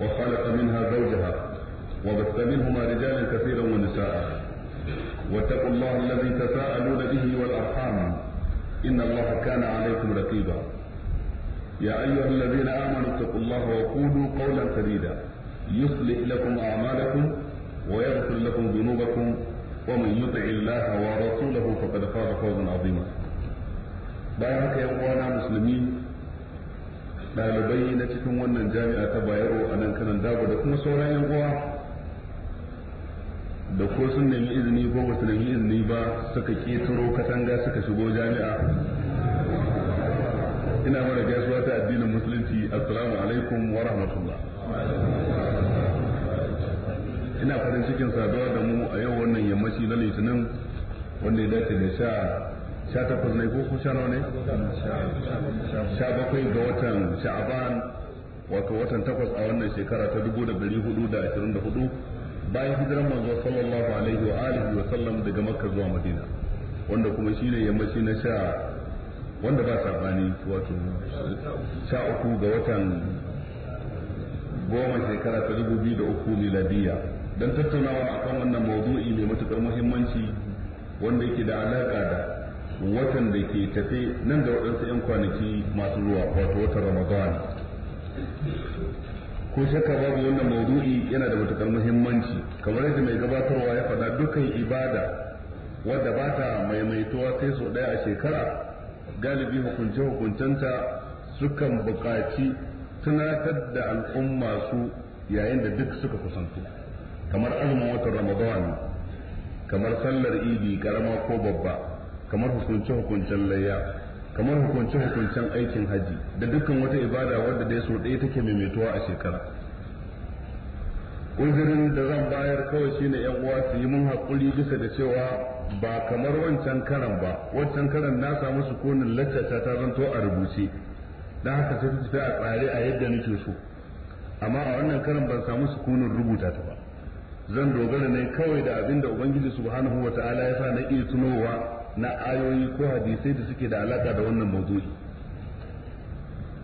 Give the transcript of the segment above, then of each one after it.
وخلق منها زوجها وبث منهما رجالا كثيرا ونساء واتقوا الله الذي تساءلون به والارحام ان الله كان عليكم رقيبا يا ايها الذين امنوا اتقوا الله وقولوا قولا سديدا يصلح لكم اعمالكم ويغفر لكم ذنوبكم ومن يطع الله ورسوله فقد فاز فوزا عظيما. بارك يا اخوانا مسلمين ɗalibai na cikin wannan jami'a ta bayero a nan kanan dago da kuma sauran yan uwa da ko sun nemi izini ko ba su nemi izini ba suka ketaro katanga suka shigo jami'a ina mara gaisuwa ta addinin musulunci assalamu alaikum wa rahmatullah ina farin cikin saduwa da mu a yau wannan yammaci na litinin wanda ya dace da sha sha takwas ne ko ko sha nawa ne sha bakwai ga watan sha'aban wato watan takwas a wannan shekara ta dubu da dari hudu da ashirin da hudu bayan hijiran manzo sallallahu alaihi wa alihi wa sallam daga makka zuwa madina wanda kuma shi ne yammaci na sha wanda ba saɓani wato sha uku ga watan goma shekara ta dubu biyu da uku miladiya don tattaunawa akan wannan maudu'i mai matukar muhimmanci wanda yake da alaka da watan da ke tafe nan da waɗansu 'yan kwanaki masu zuwa wato watan ramadan ko shakka babu wannan maudu'i yana da matukar muhimmanci kamar yadda mai gabatarwa ya faɗa dukkan ibada wadda ba ta maimaituwa sai sau ɗaya a shekara galibi hukunce hukuncenta sukan buƙaci tunatar da al'umma su yayin da duk suka kusantu kamar azumin watan ramadan kamar sallar idi karama ko babba kamar hukunce hukuncen layya kamar hukunce hukuncen aikin haji da dukkan wata ibada wadda dai so ɗaya take maimaituwa a shekara uzurin da zan bayar kawai shi shine yan uwa su yi mun haƙuri bisa da cewa ba kamar wancan karan ba wancan karan na samu sukunin lacca ta zanto a rubuce don haka ta fita a tsare a yadda nake so amma a wannan karan ban samu sukunin rubuta ta ba zan dogara ne kawai da abin da ubangiji subhanahu wa ta'ala ya sa na iya tunowa na ayoyi ko hadisai da suke da alaka da wannan mawdu'i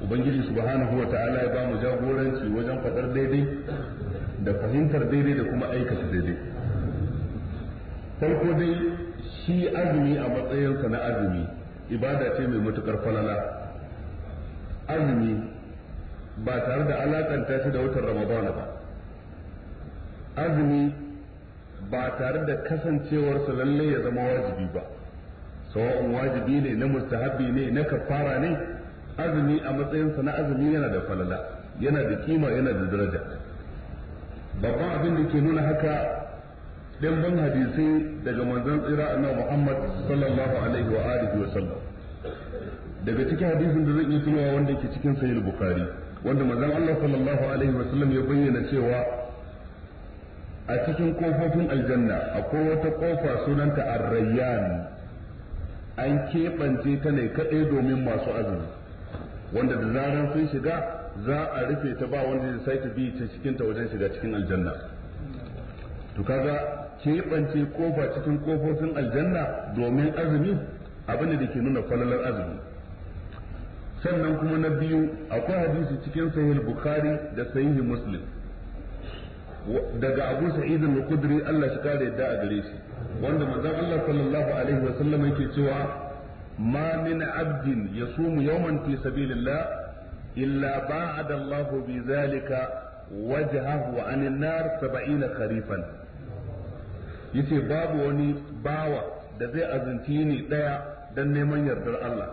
ubangiji subhanahu wa ta'ala ya ba mu jagoranci wajen faɗar daidai da fahimtar daidai da kuma aikata daidai farko dai shi azumi a matsayinsa na azumi ibada ce mai matukar falala azumi ba tare da alakanta shi da watan ramadana ba azumi ba tare da kasancewarsa lallai ya zama wajibi ba sawa'un wajibi ne na mustahabi ne na kafara ne azumi a matsayinsa na azumi yana da falala yana da kima yana da daraja babban abin da ke nuna haka ban hadisai daga manzon tsira annabi Muhammad sallallahu alaihi wa alihi wa sallam daga cikin hadisin da zan iya tunawa wanda ke cikin sahih bukhari wanda manzon Allah sallallahu alaihi wa sallam ya bayyana cewa a cikin kofofin aljanna akwai wata kofa sunanta ar-rayyan an keɓance ta ne kaɗai domin masu azumi wanda da zaran sun shiga za a rufe ta ba wanda zai sake bi ta cikin ta wajen shiga cikin aljanna to kaga keɓance kofa cikin kofofin aljanna domin azumi abin da ke nuna falalar azumi sannan kuma na biyu akwai hadisi cikin sahih bukhari da sahih muslim daga Abu Sa'id al Allah shi kare yadda a gare shi wanda manzon Allah sallallahu alaihi wa sallam yake cewa ma min abdin yasumu yawman fi sabilillah illa ba'ada Allah bi zalika wajhahu anin nar 70 kharifan yace babu wani bawa da zai azunci ni daya dan neman yardar Allah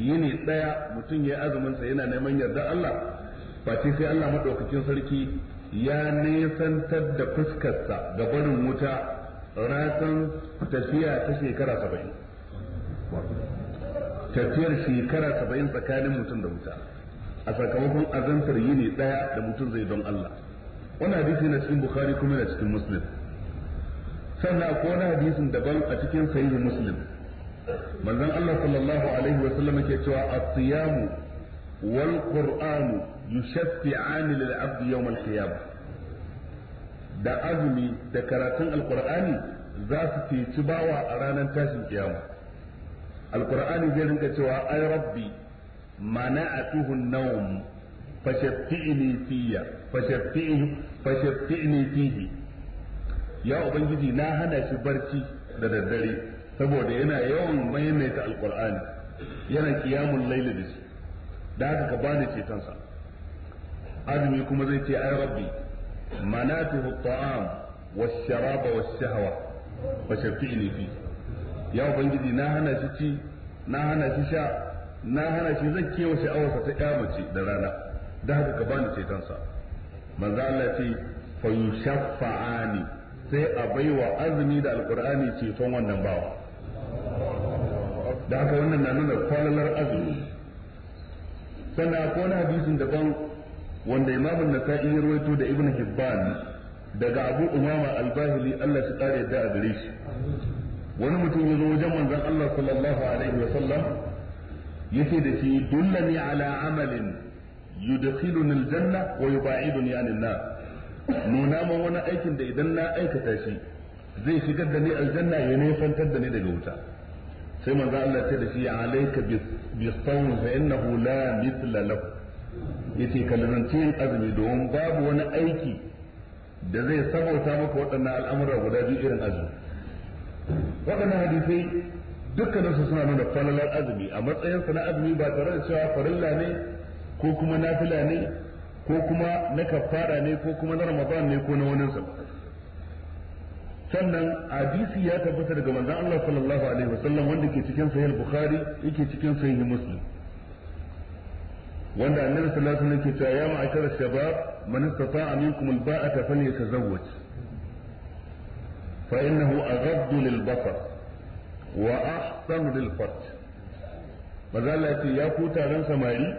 yini daya mutum ya azumin sa yana neman yardar Allah face sai Allah madaukakin sarki ya nesantar da fuskarsa ga barin wuta ratan tafiya ta shekara saba'in tafiyar shekara saba'in tsakanin mutum da wuta a sakamakon azantar yini daya da mutum zai don Allah wani hadisi na cikin bukhari kuma na cikin muslim sannan akwai wani hadisin daban a cikin sahihu muslim manzon Allah sallallahu alaihi wa sallam yake cewa as-siyamu wal qur'anu yushaffi'ani lil abdi yawm al qiyamah da azumi da karatun alkur'ani za su ci bawa a ranar tashin kiyama alqur'ani zai rinka cewa ay rabbi mana'atuhu an-nawm fashaffi'ni fiyya fashaffi'ni fashaffi'ni fihi ya ubangiji na hana shi barci da daddare saboda yana yawan maimaita alkur'ani yana qiyamul layl da shi da haka ka bani cetonsa azumi kuma zai ce ai rabbi manatuhu at-ta'am wash-sharaba wash-shahwa fa shafi'ni fi ya ubangiji na hana shi ci na hana shi sha na hana shi zan kewa sha'awarsa ta kyamace da rana da haka ka bani cetonsa manzo Allah ce fa yushaffa'ani sai a baiwa azumi da alqur'ani ceton wannan bawa da haka wannan na nuna kwalalar azumi sannan akwai wani hadisin daban wanda imam an-nasa'i ya rawaito da Ibn hibban daga abu umama al-bahili Allah shi kare da a gare shi wani mutum ya zo wajen manzon Allah sallallahu alaihi wa sallam yace da shi dullani ala amalin yudkhiluni al-janna wa yub'iduni anin nar nuna man wani aikin da idan na aikata shi zai shigar da ni aljanna ya nufantar da ni daga wuta sai manzo Allah ya ce da shi alayka bi sawm fa innahu la mithla lahu yace ka lazanci yin azumi domin babu wani aiki da zai sabauta maka waɗannan al'amura guda biyu irin azumi waɗannan hadisai dukkaninsu suna nuna falalar azumi a matsayinsa na azumi ba tare da cewa farilla ne ko kuma nafila ne ko kuma na kafara ne ko kuma na ramadan ne ko na wani sa sannan hadisi ya tabbata daga manzon Allah sallallahu alaihi wasallam wanda ke cikin sahih bukhari yake cikin sahih muslim wanda annabi sallallahu alaihi wasallam ke ya ma'ashara shabab man istata'a minkum alba'ata falyatazawwaj fa innahu aghaddu lilbasar wa ahsanu lilfarj maza ya ce ya ku taron samari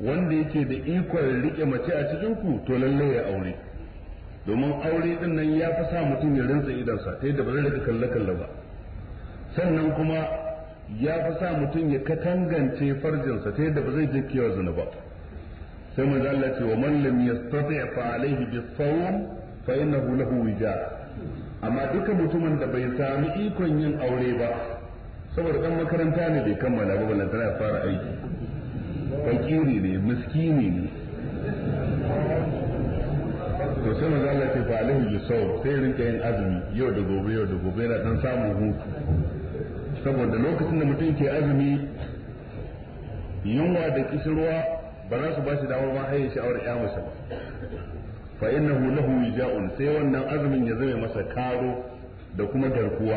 wanda yake da ikon rike mace a cikin ku to lalle ya aure domin aure din nan ya fi sa mutum ya rinsa idansa ta yadda ba zai rika kalle kalle ba sannan kuma ya fi sa mutum ya katangance farjinsa ta yadda ba zai je kiyar zuna ba sai manzo zalla ce wa man lam yastati fa alaihi tsawon sawm fa innahu lahu wija amma duka mutumin da bai sami ikon yin aure ba saboda dan makaranta ne bai kammala ba balantana ya fara aiki fakiri ne miskini ne to sai manzo Allah ce fa alaihi bis-sawm sai rinka yin azumi yau da gobe yau da gobe yana dan samun hutu saboda lokacin da mutum ke azumi yunwa da kishirwa ba za su ba shi damar ma sha'awar ya masa ba fa innahu lahu wija'un sai wannan azumin ya zame masa karo da kuma garkuwa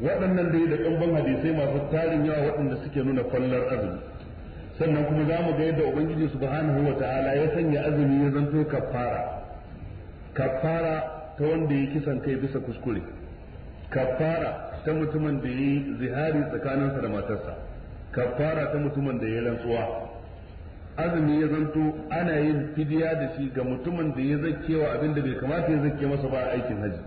waɗannan dai da ƙamban hadisai masu tarin yawa waɗanda suke nuna fallar azumi sannan kuma za mu ga yadda ubangiji subhanahu wa ta'ala ya sanya azumi ya zanto kafara kafara ta wanda ya kisan kai bisa kuskure kafara ta mutumin da yi zihari tsakaninsa da matarsa kafara ta mutumin da ya rantsuwa azumi ya zanto ana yin fidiya da shi ga mutumin da ya zakkewa abin da bai kamata ya zakke masa ba aikin haji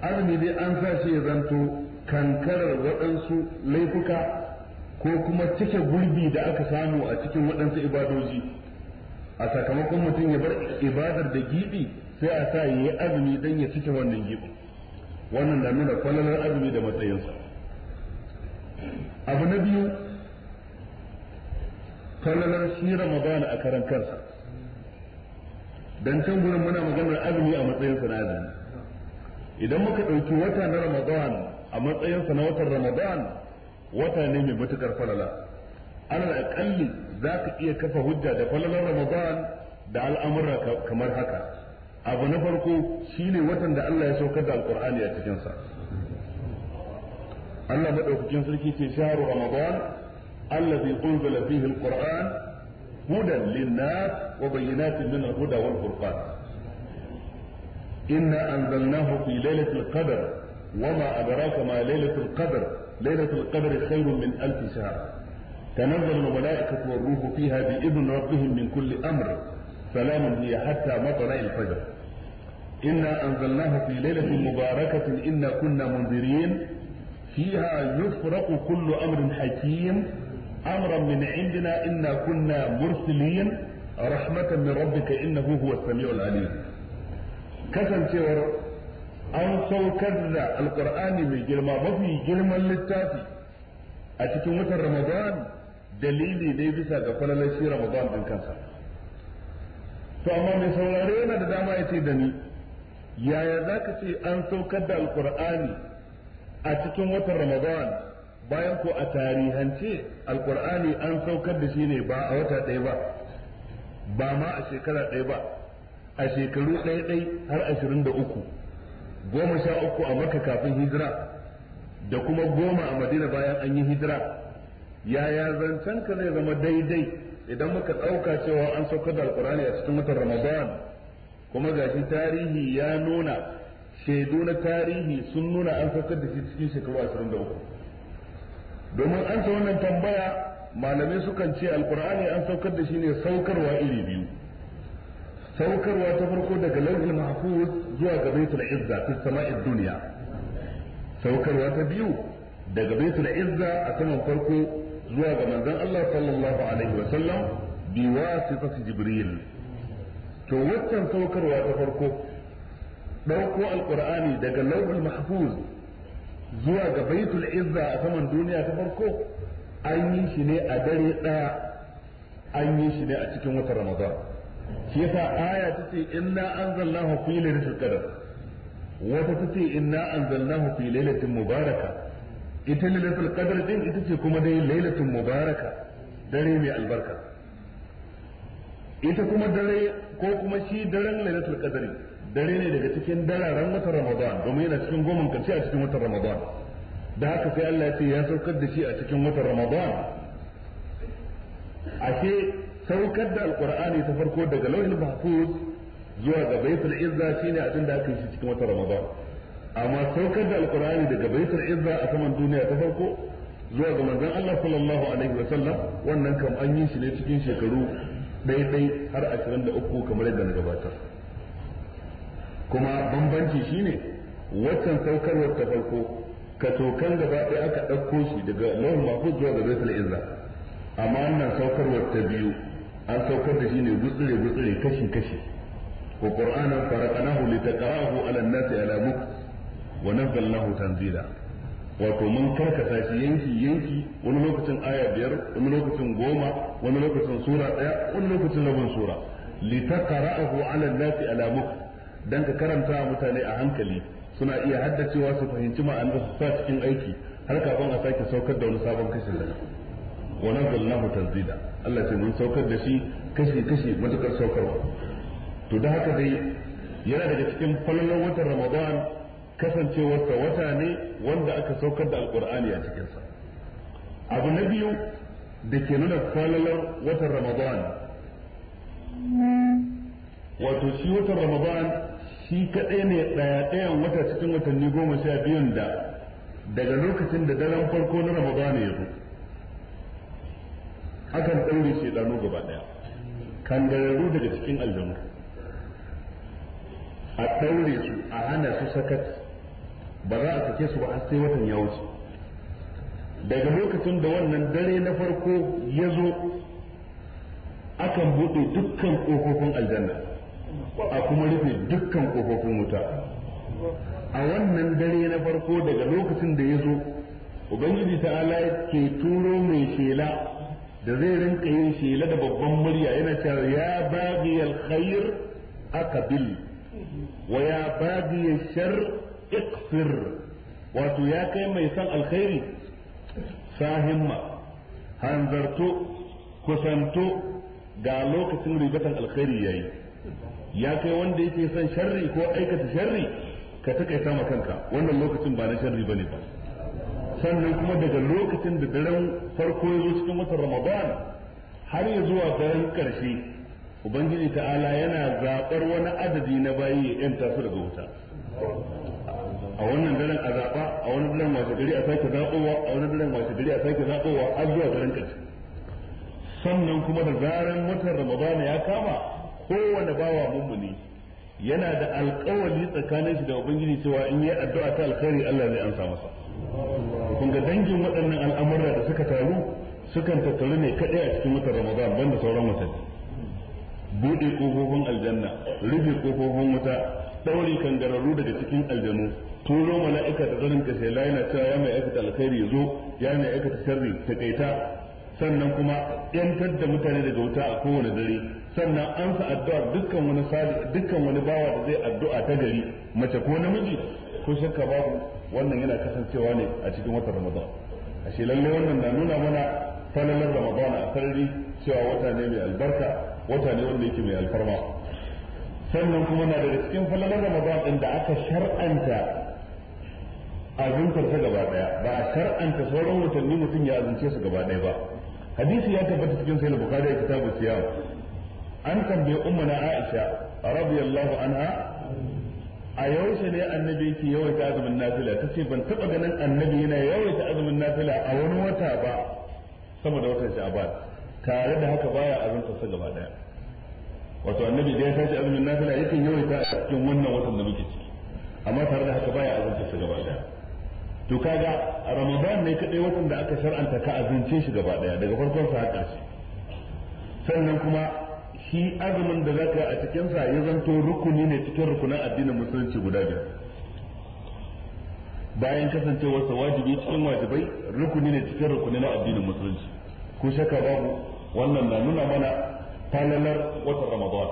azumi dai an sa shi ya zanto kankarar waɗansu laifuka ko kuma cike gurbi da aka samu a cikin waɗansu ibadoji a sakamakon mutum ya bar ibadar da gibi sai a sa ya yi azumi don ya cike wannan gibin wannan na nuna kwalalar azumi da matsayinsa abu na biyu kwalalar shi Ramadan a karan kansa don can gurin muna maganar azumi a matsayinsa na azumi idan muka ɗauki wata na ramadan a matsayinsa na watan ramadan wata ne mai matukar falala alal aƙalli za ka iya kafa hujja da falalar ramadan da al'amura kamar haka abu na farko shine watan da Allah ya sauka da alkur'ani a cikin sa Allah madaukakin sarki ce shahru ramadan allazi unzila fihi alquran hudan linnas wa bayyinatin min alhuda wal furqan inna anzalnahu fi laylati alqadr wa ma adraka ma laylati alqadr laylati alqadr khayrun min alf shahr tanazzalu malaikatu wa ruhu fiha bi idni rabbihim min kulli amrin سلام هي حتى مطلع الفجر إنا أنزلناها في ليلة مباركة إنا كنا منذرين فيها يفرق كل أمر حكيم أمرا من عندنا إنا كنا مرسلين رحمة من ربك إنه هو السميع العليم كسن cewar أن saukar القرآن alkur'ani mai girma mafi للتافي littafi a رمضان دليلي ramadan dalili ne bisa ga falalar to amma mai saurare yana da dama ya ce da ni yaya za ka ce an saukar da alkur'ani a cikin watan ramadan bayan ko a tarihance alkur'ani an saukar da shi ne ba a wata ɗaya ba ba ma a shekara ɗaya ba a shekaru ɗaya ɗai har ashirin da uku goma sha uku a maka kafin hijira da kuma goma a madina bayan an yi hijira yaya zancen ka zai zama daidai idan muka ɗauka cewa an saukar da Alƙur'ani a cikin watan ramadan kuma gashi tarihi ya nuna shaidu na tarihi sun nuna an saukar da shi cikin shekaru ashirin da uku domin an sa wannan tambaya malamai sukan ce Alƙur'ani an saukar da shi ne saukarwa iri biyu saukarwa ta farko daga lauhin mahfuz zuwa ga baitul izza fi sama'id duniya. saukarwa ta biyu daga baitul izza a saman farko zuwa ga manzon Allah sallallahu alaihi wa sallam bi wasitati jibril to waccan saukarwa ta farko dauko alqur'ani daga lawhul mahfuz zuwa ga baitul izza a saman duniya ta farko an yi shi ne a dare daya an yi shi ne a cikin watan ramadan shi yasa aya ta ce inna anzalnahu fi lailatul qadr wata ta ce inna anzalnahu fi lailatin mubaraka ita lailatul qadr din ita ce kuma dai lailatul mubaraka dare mai albarka ita kuma dare ko kuma shi daren lailatul qadr dare ne daga cikin dararen watan ramadan domin yana cikin goma karshe a cikin watan ramadan da haka sai Allah ya ce ya saukar da shi a cikin watan ramadan ashe saukar da alqur'ani ta farko daga lauhin mahfuz zuwa ga baitul izza shine abin da aka yi cikin watan ramadan amma saukar da alkur'ani daga baitar izza a saman duniya ta farko zuwa ga manzon Allah sallallahu alaihi wa sallam wannan kam an yi shi ne cikin shekaru ɗaiɗai har 23 kamar yadda na gabata. kuma bambanci shine waccan saukarwar ta farko tokan gaba ɗaya aka ɗauko shi daga lauhin mahfuz zuwa ga baitul izza amma wannan saukarwar ta biyu an saukar da shi ne gutsure gutsure kashi kashi ko qur'ana faraqnahu litaqra'ahu 'ala an-nasi 'ala mukth wa nazzalnahu tanzila wato mun karkata shi yanki yanki wani lokacin aya biyar wani lokacin goma wani lokacin sura daya wani lokacin rabin sura litaqra'ahu 'ala an-nasi ala mukh dan ka karanta mutane a hankali suna iya haddacewa su fahimci ma'anar su sa cikin aiki har kafin a sake saukar da wani sabon kashin daga wa nazzalnahu tanzila Allah ce mun saukar da shi kashi kashi matukar saukarwa to da haka dai yana daga cikin falalar watan Ramadan kasancewarsa wata ne wanda aka saukar da alkur'ani a cikinsa abu na biyu da ke nuna falalar watan ramadan wato shi watan ramadan shi kaɗai ne ɗaya-ɗayan wata cikin watanni goma sha biyun da daga lokacin da daren farko na ramadan ya zo akan ɗaure shaidanu gaba ɗaya kangararru daga cikin aljanu a ɗaure su a hana su sakat ba za a sake su ba sai watan ya wuce daga lokacin da wannan dare na farko ya zo akan buɗe dukkan ƙofofin aljanna a kuma rufe dukkan ƙofofin wuta a wannan dare na farko daga lokacin da ya zo ubangiji ta'ala ke turo mai shela da zai rinka yin shela da babban murya yana cewa ya baghi aka akabil wa ya baghi shar iqfir wato ya kai mai son alkhairi sahimma hanzarto kusanto ga lokacin ribatan alkhairi yayi ya kai wanda yake son sharri ko aikata sharri ka takaita ma kanka wannan lokacin ba na sharri bane ba sannan kuma daga lokacin da daren farko ya zo cikin watan ramadan har ya zuwa bayan karshe ubangiji ta'ala yana zaɓar wani adadi na bayi ya yanta su daga wuta a wannan daren a zaɓa a wani daren masu gari a sake zaɓowa a wani daren masu gari a sake zaɓowa a zuwa garin ƙarshe sannan kuma da zaren watan ramadana ya kama kowane bawa mummuni yana da alkawali tsakanin shi da ubangiji cewa in yi addu'a ta alkhairi Allah zai ansa masa kun ga dangin waɗannan al'amura da suka taru sukan tattaru ne kaɗai a cikin watan ramadan banda sauran watanni buɗe ƙofofin aljanna rufe ƙofofin wuta ɗaure kangararru daga cikin aljanu turo mala'ika da zanin kashe la yana cewa ya mai aikata alkhairi ya zo ya mai aikata sharri ta kaita sannan kuma yantar da mutane daga wuta a kowane dare sannan an sa addu'a dukkan wani dukkan wani bawa da zai addu'a ta gari mace ko namiji ko shakka babu wannan yana kasancewa ne a cikin watan ramadan ashe lalle wannan na nuna mana falalar ramadan a sarari cewa wata ne mai albarka wata ne wanda yake mai alfarma sannan kuma na daga cikin falalar ramadan din da aka shar'anta azumtar ta gaba daya ba a shar'anta sauran watanni mutum ya azumce su gaba daya ba hadisi ya tabbata cikin sahih bukhari da kitabu siyam an tambaye na aisha radiyallahu anha a yaushe ne annabi yake yawaita azumin nafila ce ban taba ganin annabi yana yawaita azumin nafila a wani wata ba sama da watan sha'ban tare da haka baya azumtar sa gaba daya wato annabi da ya tashi azumin nafila yake yawaita a cikin wannan watan da muke ciki amma tare da haka baya azumtar sa gaba daya to kaga ramadan ne kadai watan da aka shar'anta ka azince shi gaba daya daga farkon sa haƙa shi sannan kuma shi azumin da zaka a cikin sa ya zanto rukuni ne cikin rukunan addinin musulunci guda biyar bayan kasancewar sa wajibi cikin wajibai rukuni ne cikin rukunin na addinin musulunci ko shaka babu wannan na nuna mana falalar wata ramadan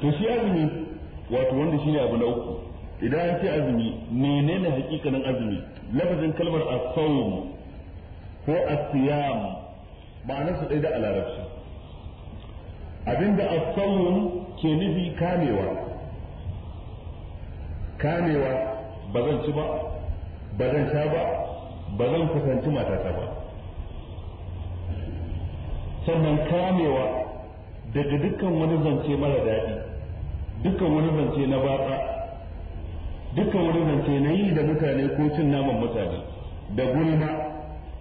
to shi azumi wato wanda shine abu na uku idan an ce azumi menene hakikanin azumi lafazin kalmar as-sawm ko as-siyam ma'anar su ɗaya da alarabci abinda as-sawm ke nufi kamewa kamewa ba zan ci ba ba zan sha ba ba zan kusanci matata ba sannan kamewa daga dukkan wani zance mara daɗi dukkan wani zance na baƙa. dukkan wani zance na yi da mutane ko cin naman mutane da gulma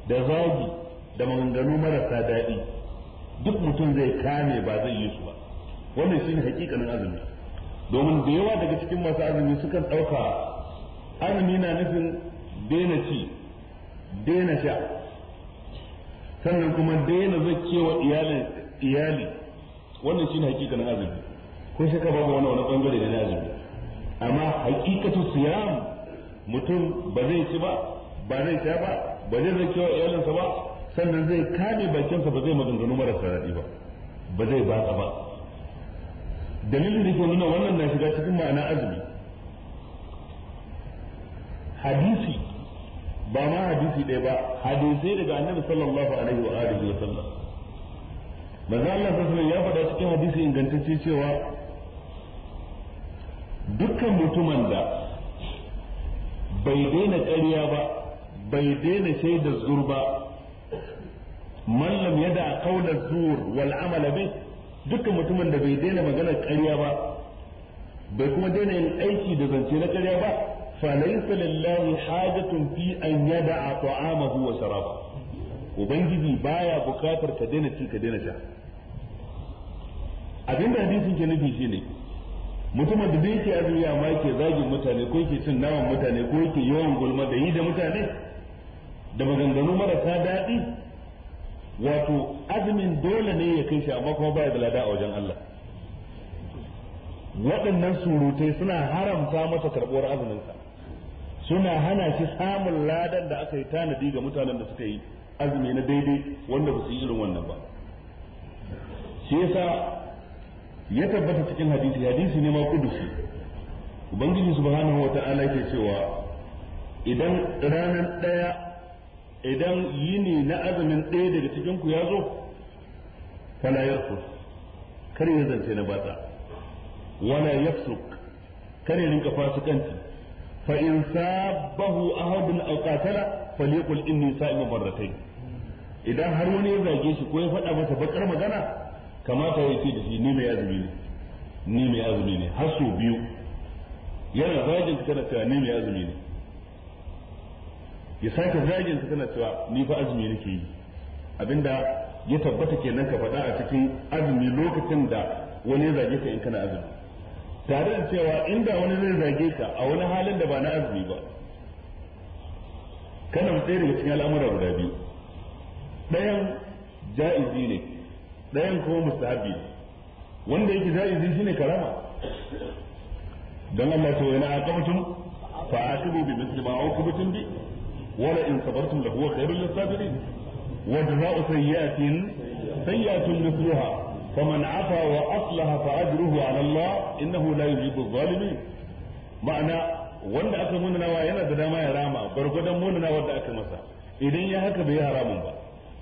da zagi da maganganu marasa daɗi duk mutum zai kame ba zai yi su ba wannan shine hakikanin azumi domin da yawa daga cikin masu azumi sukan ɗauka azumi na nufin daina ci daina sha sannan kuma daina zakewa iyali iyali wannan shine hakikanin azumi ko ka babu wani wani bangare da na azumi amma hakikatu siyam mutum ba zai ci ba ba zai sha ba ba zai zai kewa iyalinsa ba sannan zai kame bakinsa ba zai maganganu marasa daɗi ba ba zai batsa ba dalilin da ke nuna wannan na shiga cikin ma'ana azumi hadisi ba ma hadisi ɗaya ba hadisai daga annabi sallallahu alaihi wa alihi wa sallam manzo Allah sallallahu ya faɗa cikin hadisi ingantacce cewa dukkan mutumin da bai daina ƙarya ba bai daina shaida zur ba mallam yada kaula zur wal amala bih dukkan mutumin da bai daina magana ƙarya ba bai kuma daina yin aiki da zance na ƙarya ba falaysa lillahi hajatun fi an yada'a ta'amahu wa sarafa ubangiji baya bukatar ka daina ci ka daina sha abinda hadisin ke nufi shine mutumin da zai ke azumi amma yake zagin mutane ko yake cin naman mutane ko yake yawan gulma da yi da mutane da maganganu marasa daɗi wato azumin dole ne ya kai shi amma kuma baya da lada a wajen Allah waɗannan surutai suna haramta masa karɓuwar azuminsa suna hana shi samun ladan da aka yi tanadi ga mutanen da suka yi azumi na daidai wanda ba su yi irin wannan ba shi yasa ya tabbata cikin hadisi hadisi ne ma kudusi ubangiji subhanahu ta'ala yake cewa idan ranar daya idan yini na azumin daya daga cikin ku ya zo kana yarku kar ya zance na bata wala yafsuk kar ya rinka fasikanci fa in sabahu ahadun aw qatala falyaqul inni sa'imun barratayn idan har wani ya zage shi ko ya faɗa masa bakar magana kamata ya ce da shi ni mai azumi ne ni mai azumi ne har sau biyu yana zagin kana cewa ni mai azumi ne ya sake zagin kana cewa ni fa azumi nake yi abinda ya tabbata kenan ka faɗa a cikin azumi lokacin da wani zage ka in kana azumi tare da cewa inda wani zai zage ka a wani halin da ba na azumi ba kana mu tsaye daga cikin al'amura guda biyu ɗayan ja'izi ne ɗayan kuma mustahabi wanda yake jaizi shine karama dan Allah to yana aqamtum fa aqibu bi mithli ma uqibtum bi wala in sabartum la huwa khairul lisabirin wa jazaa'u sayyi'atin sayyi'atun mithluha faman afa wa aslaha fa ajruhu 'ala Allah innahu la yuhibbu adh-dhalimin ma'ana wanda aka munanawa yana da dama ya rama gargwadon munanawa da aka masa idan ya haka bai haramun ba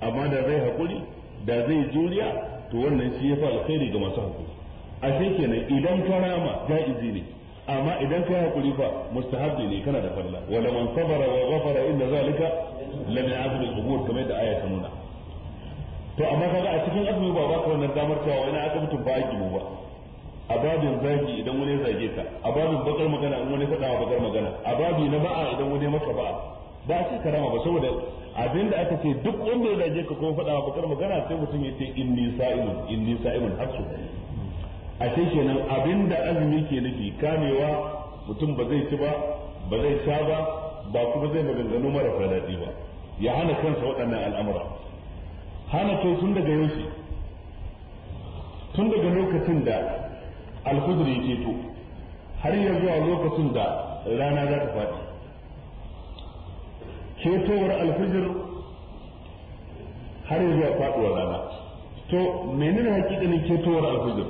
amma da zai hakuri da zai juriya to wannan shi ya fi alkhairi ga masu hakuri ashe kenan idan ka rama jaizi ne amma idan ka hakuri fa mustahabi ne kana da falla wala man sabara wa ghafara inna zalika lam ya'budu al-umur kamar da aya ta nuna to amma kaga a cikin azumi ba ba ka wannan damar cewa wani aka mutum ba a ba a babin zagi idan wani zage ka a babin bakar magana in wani faɗa bakar magana a babi na ba'a idan wani maka ba'a ba a ce karama ba saboda Abin da aka ce duk wanda ya zage ka kuma faɗa bakar magana sai mutum ya ce inni in inni sa'ilun har su a ce kenan da azumi ke nufi kamewa mutum ba zai ci ba ba zai sha ba ba kuma zai maganganu mara daɗi ba ya hana kansa waɗannan al'amura hana kai tun daga yaushe tun daga lokacin da alhudur ya to har yanzu a lokacin da rana za ta faɗi ketowar alfijir har zuwa faduwar rana to menene hakikanin ketowar alfijir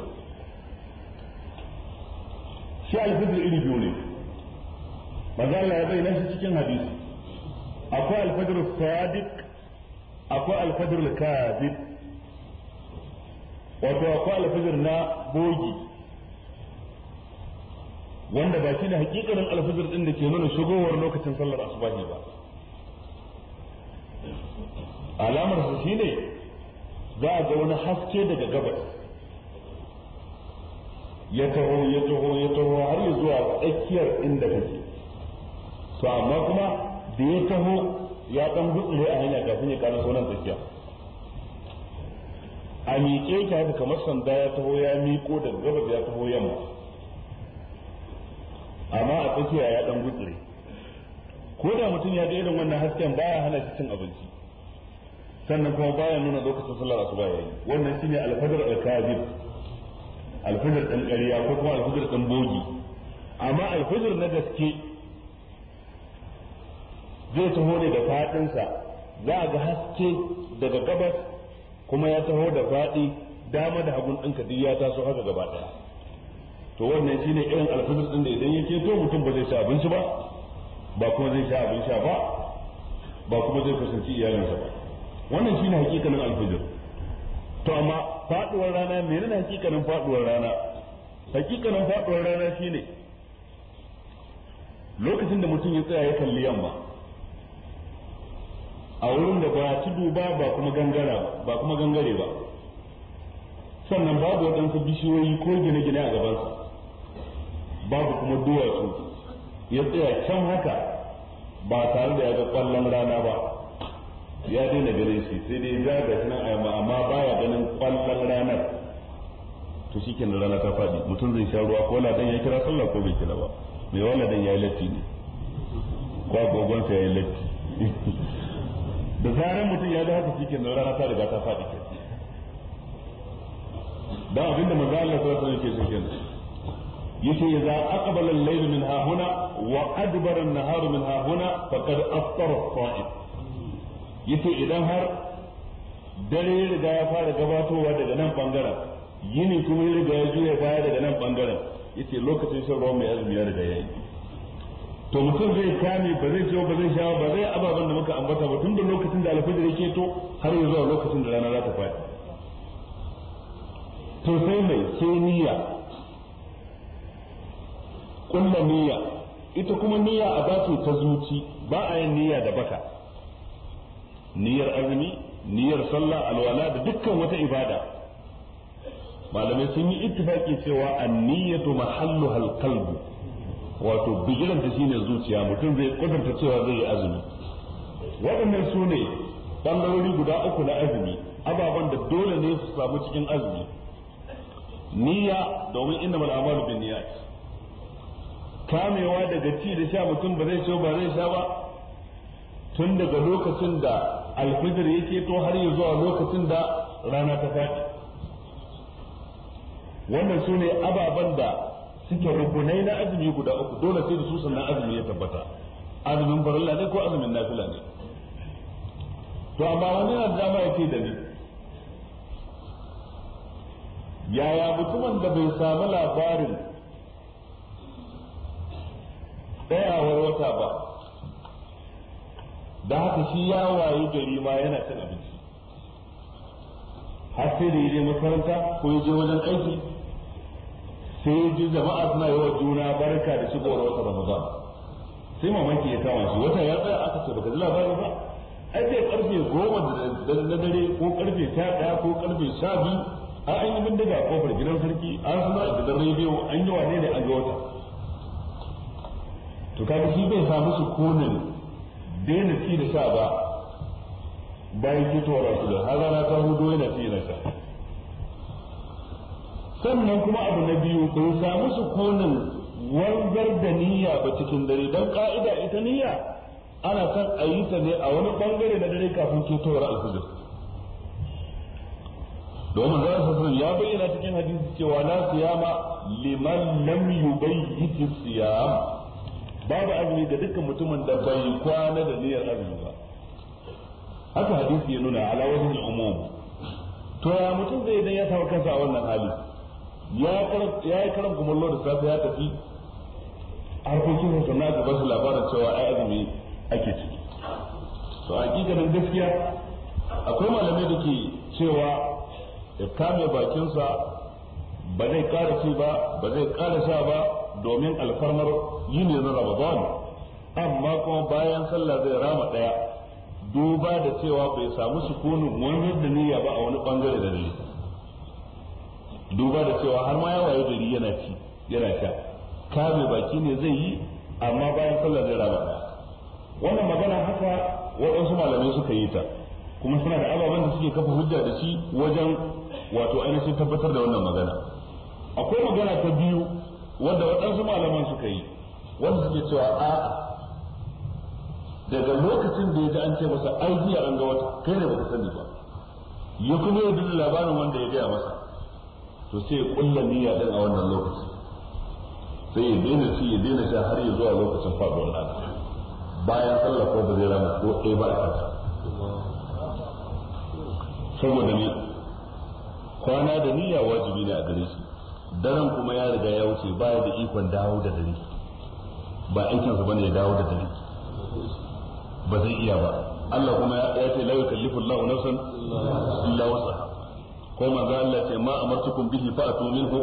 shi alfijir iri biyu ne maza Allah ya bayyana shi cikin hadisi akwai alfajir sadiq akwai alfajir kadib wato akwai alfajir na bogi wanda ba shi ne hakikanin alfajir din da ke nuna shigowar lokacin sallar asubahi ba alamar su shine za a ga wani haske daga gabas ya taho ya taho ya taho har ya zuwa tsakiyar inda kake to amma kuma da ya taho ya dan gutsure a hanya kafin ya kana sonan tsakiya a miƙe ka haka kamar sanda ya taho ya miƙo daga gabas ya taho yamma amma a tsakiya ya dan gutsure ko da mutum ya ga irin wannan hasken baya hana shi cin abinci sannan kuma baya nuna lokacin sallar asuba yayi wannan shine alfajr al-kadhib alfajr dan ƙarya ko kuma alfajr dan bogi amma alfajr na gaske zai taho ne da fadin sa za a ga haske daga gabas kuma ya taho da fadi dama da hagun ɗinka duk ya taso haka gaba daya to wannan shine irin alfajr din da idan yake to mutum ba zai sha abinci ba ba kuma zai sha abin sha ba ba kuma zai kusanci iyalinsa ba wannan shine hakikanin alfajir to amma faduwar rana menene hakikanin faduwar rana hakikanin faduwar rana shine lokacin da mutum ya tsaya ya kalli yamma a wurin da ba ci duba ba kuma gangara ba kuma gangare ba sannan babu waɗansu bishiyoyi ko gine-gine a gabansa babu kuma duwatsu ya tsaya can haka ba tare da ya ga kwallon rana ba ya daina ganin shi sai dai ya ga shi nan ayama amma baya ganin kwallon ranar to shi kenan rana ta faɗi mutum zai sha ruwa ko ladan ya kira sallah ko bai kira ba me waladan ya yi latti ne ko agogonsa ya yi latti da zarar mutum ya ga haka shi kenan rana ta riga ta faɗi ke dan abinda manzo Allah sallallahu alaihi wasallam yake so kenan yace idza aqbala al-layl min ha huna wa adbara an-nahar min ha huna faqad aftara as said yace idan har dare ya riga ya fara gabatowa daga nan bangaren yini kuma ya riga ya juya baya daga nan bangaren yace lokacin shan ruwan mai azumi ya riga ya yi to mutum zai kame ba zai ciwo ba zai sha ba zai ababen da muka ambata ba tun da lokacin da alfajir yake to har ya zuwa lokacin da rana za ta faɗi to sai mai sai niyya kulla niyya ita kuma niyya a bace ta zuci ba a yin niyya da baka niyyar azumi niyyar sallah alwala da dukkan wata ibada malamai sun yi ittifaki cewa an-niyyatu mahalluha al-qalb wato bijiran ta shine zuciya mutum zai kudurta cewa zai yi azumi waɗannan su ne bangarori guda uku na azumi ababen da dole ne su samu cikin azumi niyya domin innamal a'malu binniyat kamewa daga ci da sha mutum ba zai so ba zai sha ba tun daga lokacin da alfijir ya to har ya zuwa lokacin da rana ta faɗi wannan su ne ababen da suke rubunai na azumi guda uku dole sai da su sannan azumi ya tabbata azumin farilla ne ko azumin nafila ne to amma wani da dama ya ce da ni yaya mutumin da bai samu labarin tsayawar wata ba da haka shi ya wayo gari ma yana cin abinci har sai da ya je makaranta ko ya je wajen aiki sai ya ji jama'a suna yawa juna barka da shigowar wata ramadan sai mamaki ya kama shi wata ya tsaya aka ce baka ji labarin ba ai sai karfe goma na dare ko karfe sha ɗaya ko karfe sha biyu A an yi bindiga a kofar gidan sarki an suna a gidan rediyo an yi wane ne an ga wata to kaga shi bai samu su konin daina ci da sha ba bayan fitowar da haza na ta hudu yana ci na sha sannan kuma abu na biyu bai samu konin wanzar da niyya ba cikin dare don ka'ida ita niyya ana san a yi ta ne a wani bangare na dare kafin fitowar da domin zai sassan ya bayyana cikin hadisi cewa na siyama liman lam yubayyiti siyam babu azumi da dukkan mutumin da bai kwana da niyyar azumi ba haka hadisi ya nuna ala wajhil umum to ya mutum zai idan ya samu kansa a wannan hali ya ya yi karan kumallo da safe ya tafi harkokin sa sannan aka basu labarin cewa ai azumi ake ciki to hakikanin gaskiya akwai malamai da ke cewa ya kame bakinsa ba zai ƙara ci ba ba zai ƙara sha ba domin alfarmar yini na ramadan amma kuma bayan sallah zai rama daya duba da cewa bai samu sukunin wani da niyya ba a wani bangare da ne duba da cewa har ma ya gari yana ci yana sha kame baki ne zai yi amma bayan sallah zai rama daya wannan magana haka waɗansu malamai suka yi ta kuma suna da ababen da suke kafa hujja da shi wajen wato ainihin tabbatar da wannan magana akwai magana ta biyu wanda waɗansu malaman suka yi wanda suke cewa a daga lokacin da ya ji an ce masa ai jiya an ga wata kai ne baka sani ba ya kuma ya duk labarin wanda ya gaya masa to sai ya kulla niyya din a wannan lokacin sai ya daina shi ya daina sha har ya zuwa lokacin faɗuwar rana bayan sallah ko da zai rana ko ɗaya ba a kansa saboda ni kwana da niyya wajibi ne a gare shi daren kuma ya riga ya wuce ba da ikon dawo da dare ba aikinsa bane ya dawo da dare ba zai iya ba Allah kuma ya ce la yukallifu Allahu nafsan illa wusaha ko manzo Allah ce ma amartukum bihi fa atu minhu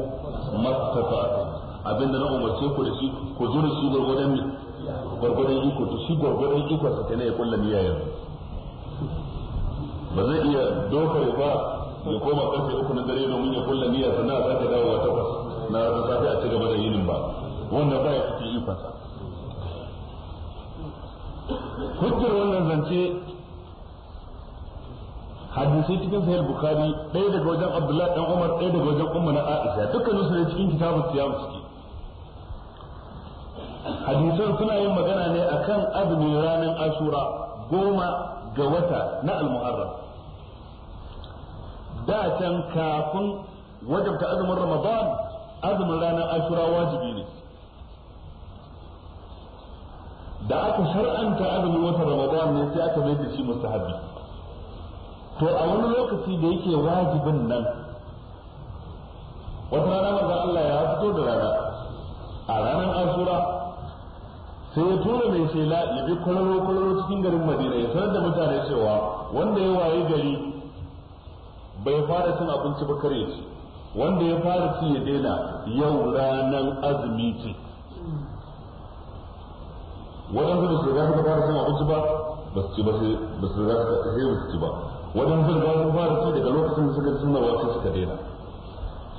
mastata'tum abinda na umarce ku da shi ku zo da shi gurgurdan mi gurgurdan iko to shi gurgurdan iko sa ne ya kullabi yayin ba zai iya dokar ba ya koma karfe uku na dare domin ya kulla niyyar sannan a sake dawowa wasu na rasa safi a ci gaba da yinin ba wanda ba ya yin fasa. hujjar wannan zance hadisai cikin sahih bukhari ɗaya daga wajen abdullahi dan umar ɗaya daga wajen umma na aisha dukkan su ne cikin kitabun siyam suke hadisan suna yin magana ne akan azumin ranar ashura goma ga wata na al-muharram da can kafin wajabta azumin ramadan azumin ranar ashura wajibi ne da aka shar'anta azumin watan ramadan ne sai aka mai da shi mustahabi to a wani lokaci da yake wajibin nan wata rana maza Allah ya fito da rana a ranar ashura sai ya tura mai shela ya bi kwararo cikin garin madina ya sanar da mutane cewa wanda ya waye gari bai fara cin abinci ba kare shi wanda ya fara ci ya daina yau ranar azumi ce waɗansu da shirga suka fara cin abinci ba ba su ci ba sai ba su ci ba waɗansu da sun fara ci daga lokacin da suka suna wasu suka daina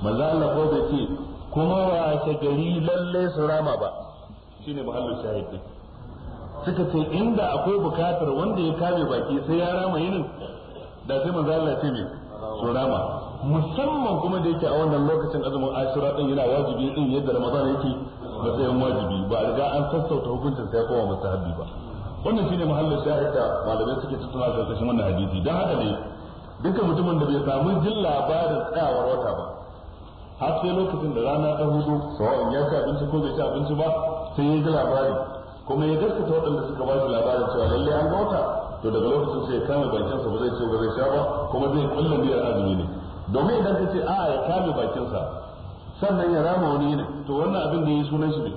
manzo Allah ko da ce kuma washe gari lalle su rama ba shine mahallin shahidi suka ce inda akwai bukatar wanda ya kame baki sai ya rama yinin da sai manzo Allah ce me su musamman kuma da yake a wannan lokacin azumin ashura din yana wajibi din yadda ramadan yake matsayin wajibi ba a riga an sassauta hukuncin sai kowa mustahabi ba wannan shine mahallin shahid da malamai suke tattauna a karkashin wannan hadisi dan haka ne dukkan mutumin da bai samu jin labarin tsayawar wata ba har sai lokacin da rana ta hudu sawa'in ya ci abinci ko bai ci abinci ba sai ya ji labari kuma ya gaskata waɗanda suka ba shi labarin cewa lallai an ga wata to daga lokacin sai kame bakinsa ba zai ce ba zai sha ba kuma zai kulla biya azumi ne domin idan ka ce a ya kame bakinsa sannan ya rama wani ne to wannan abin da ya sunan shi ne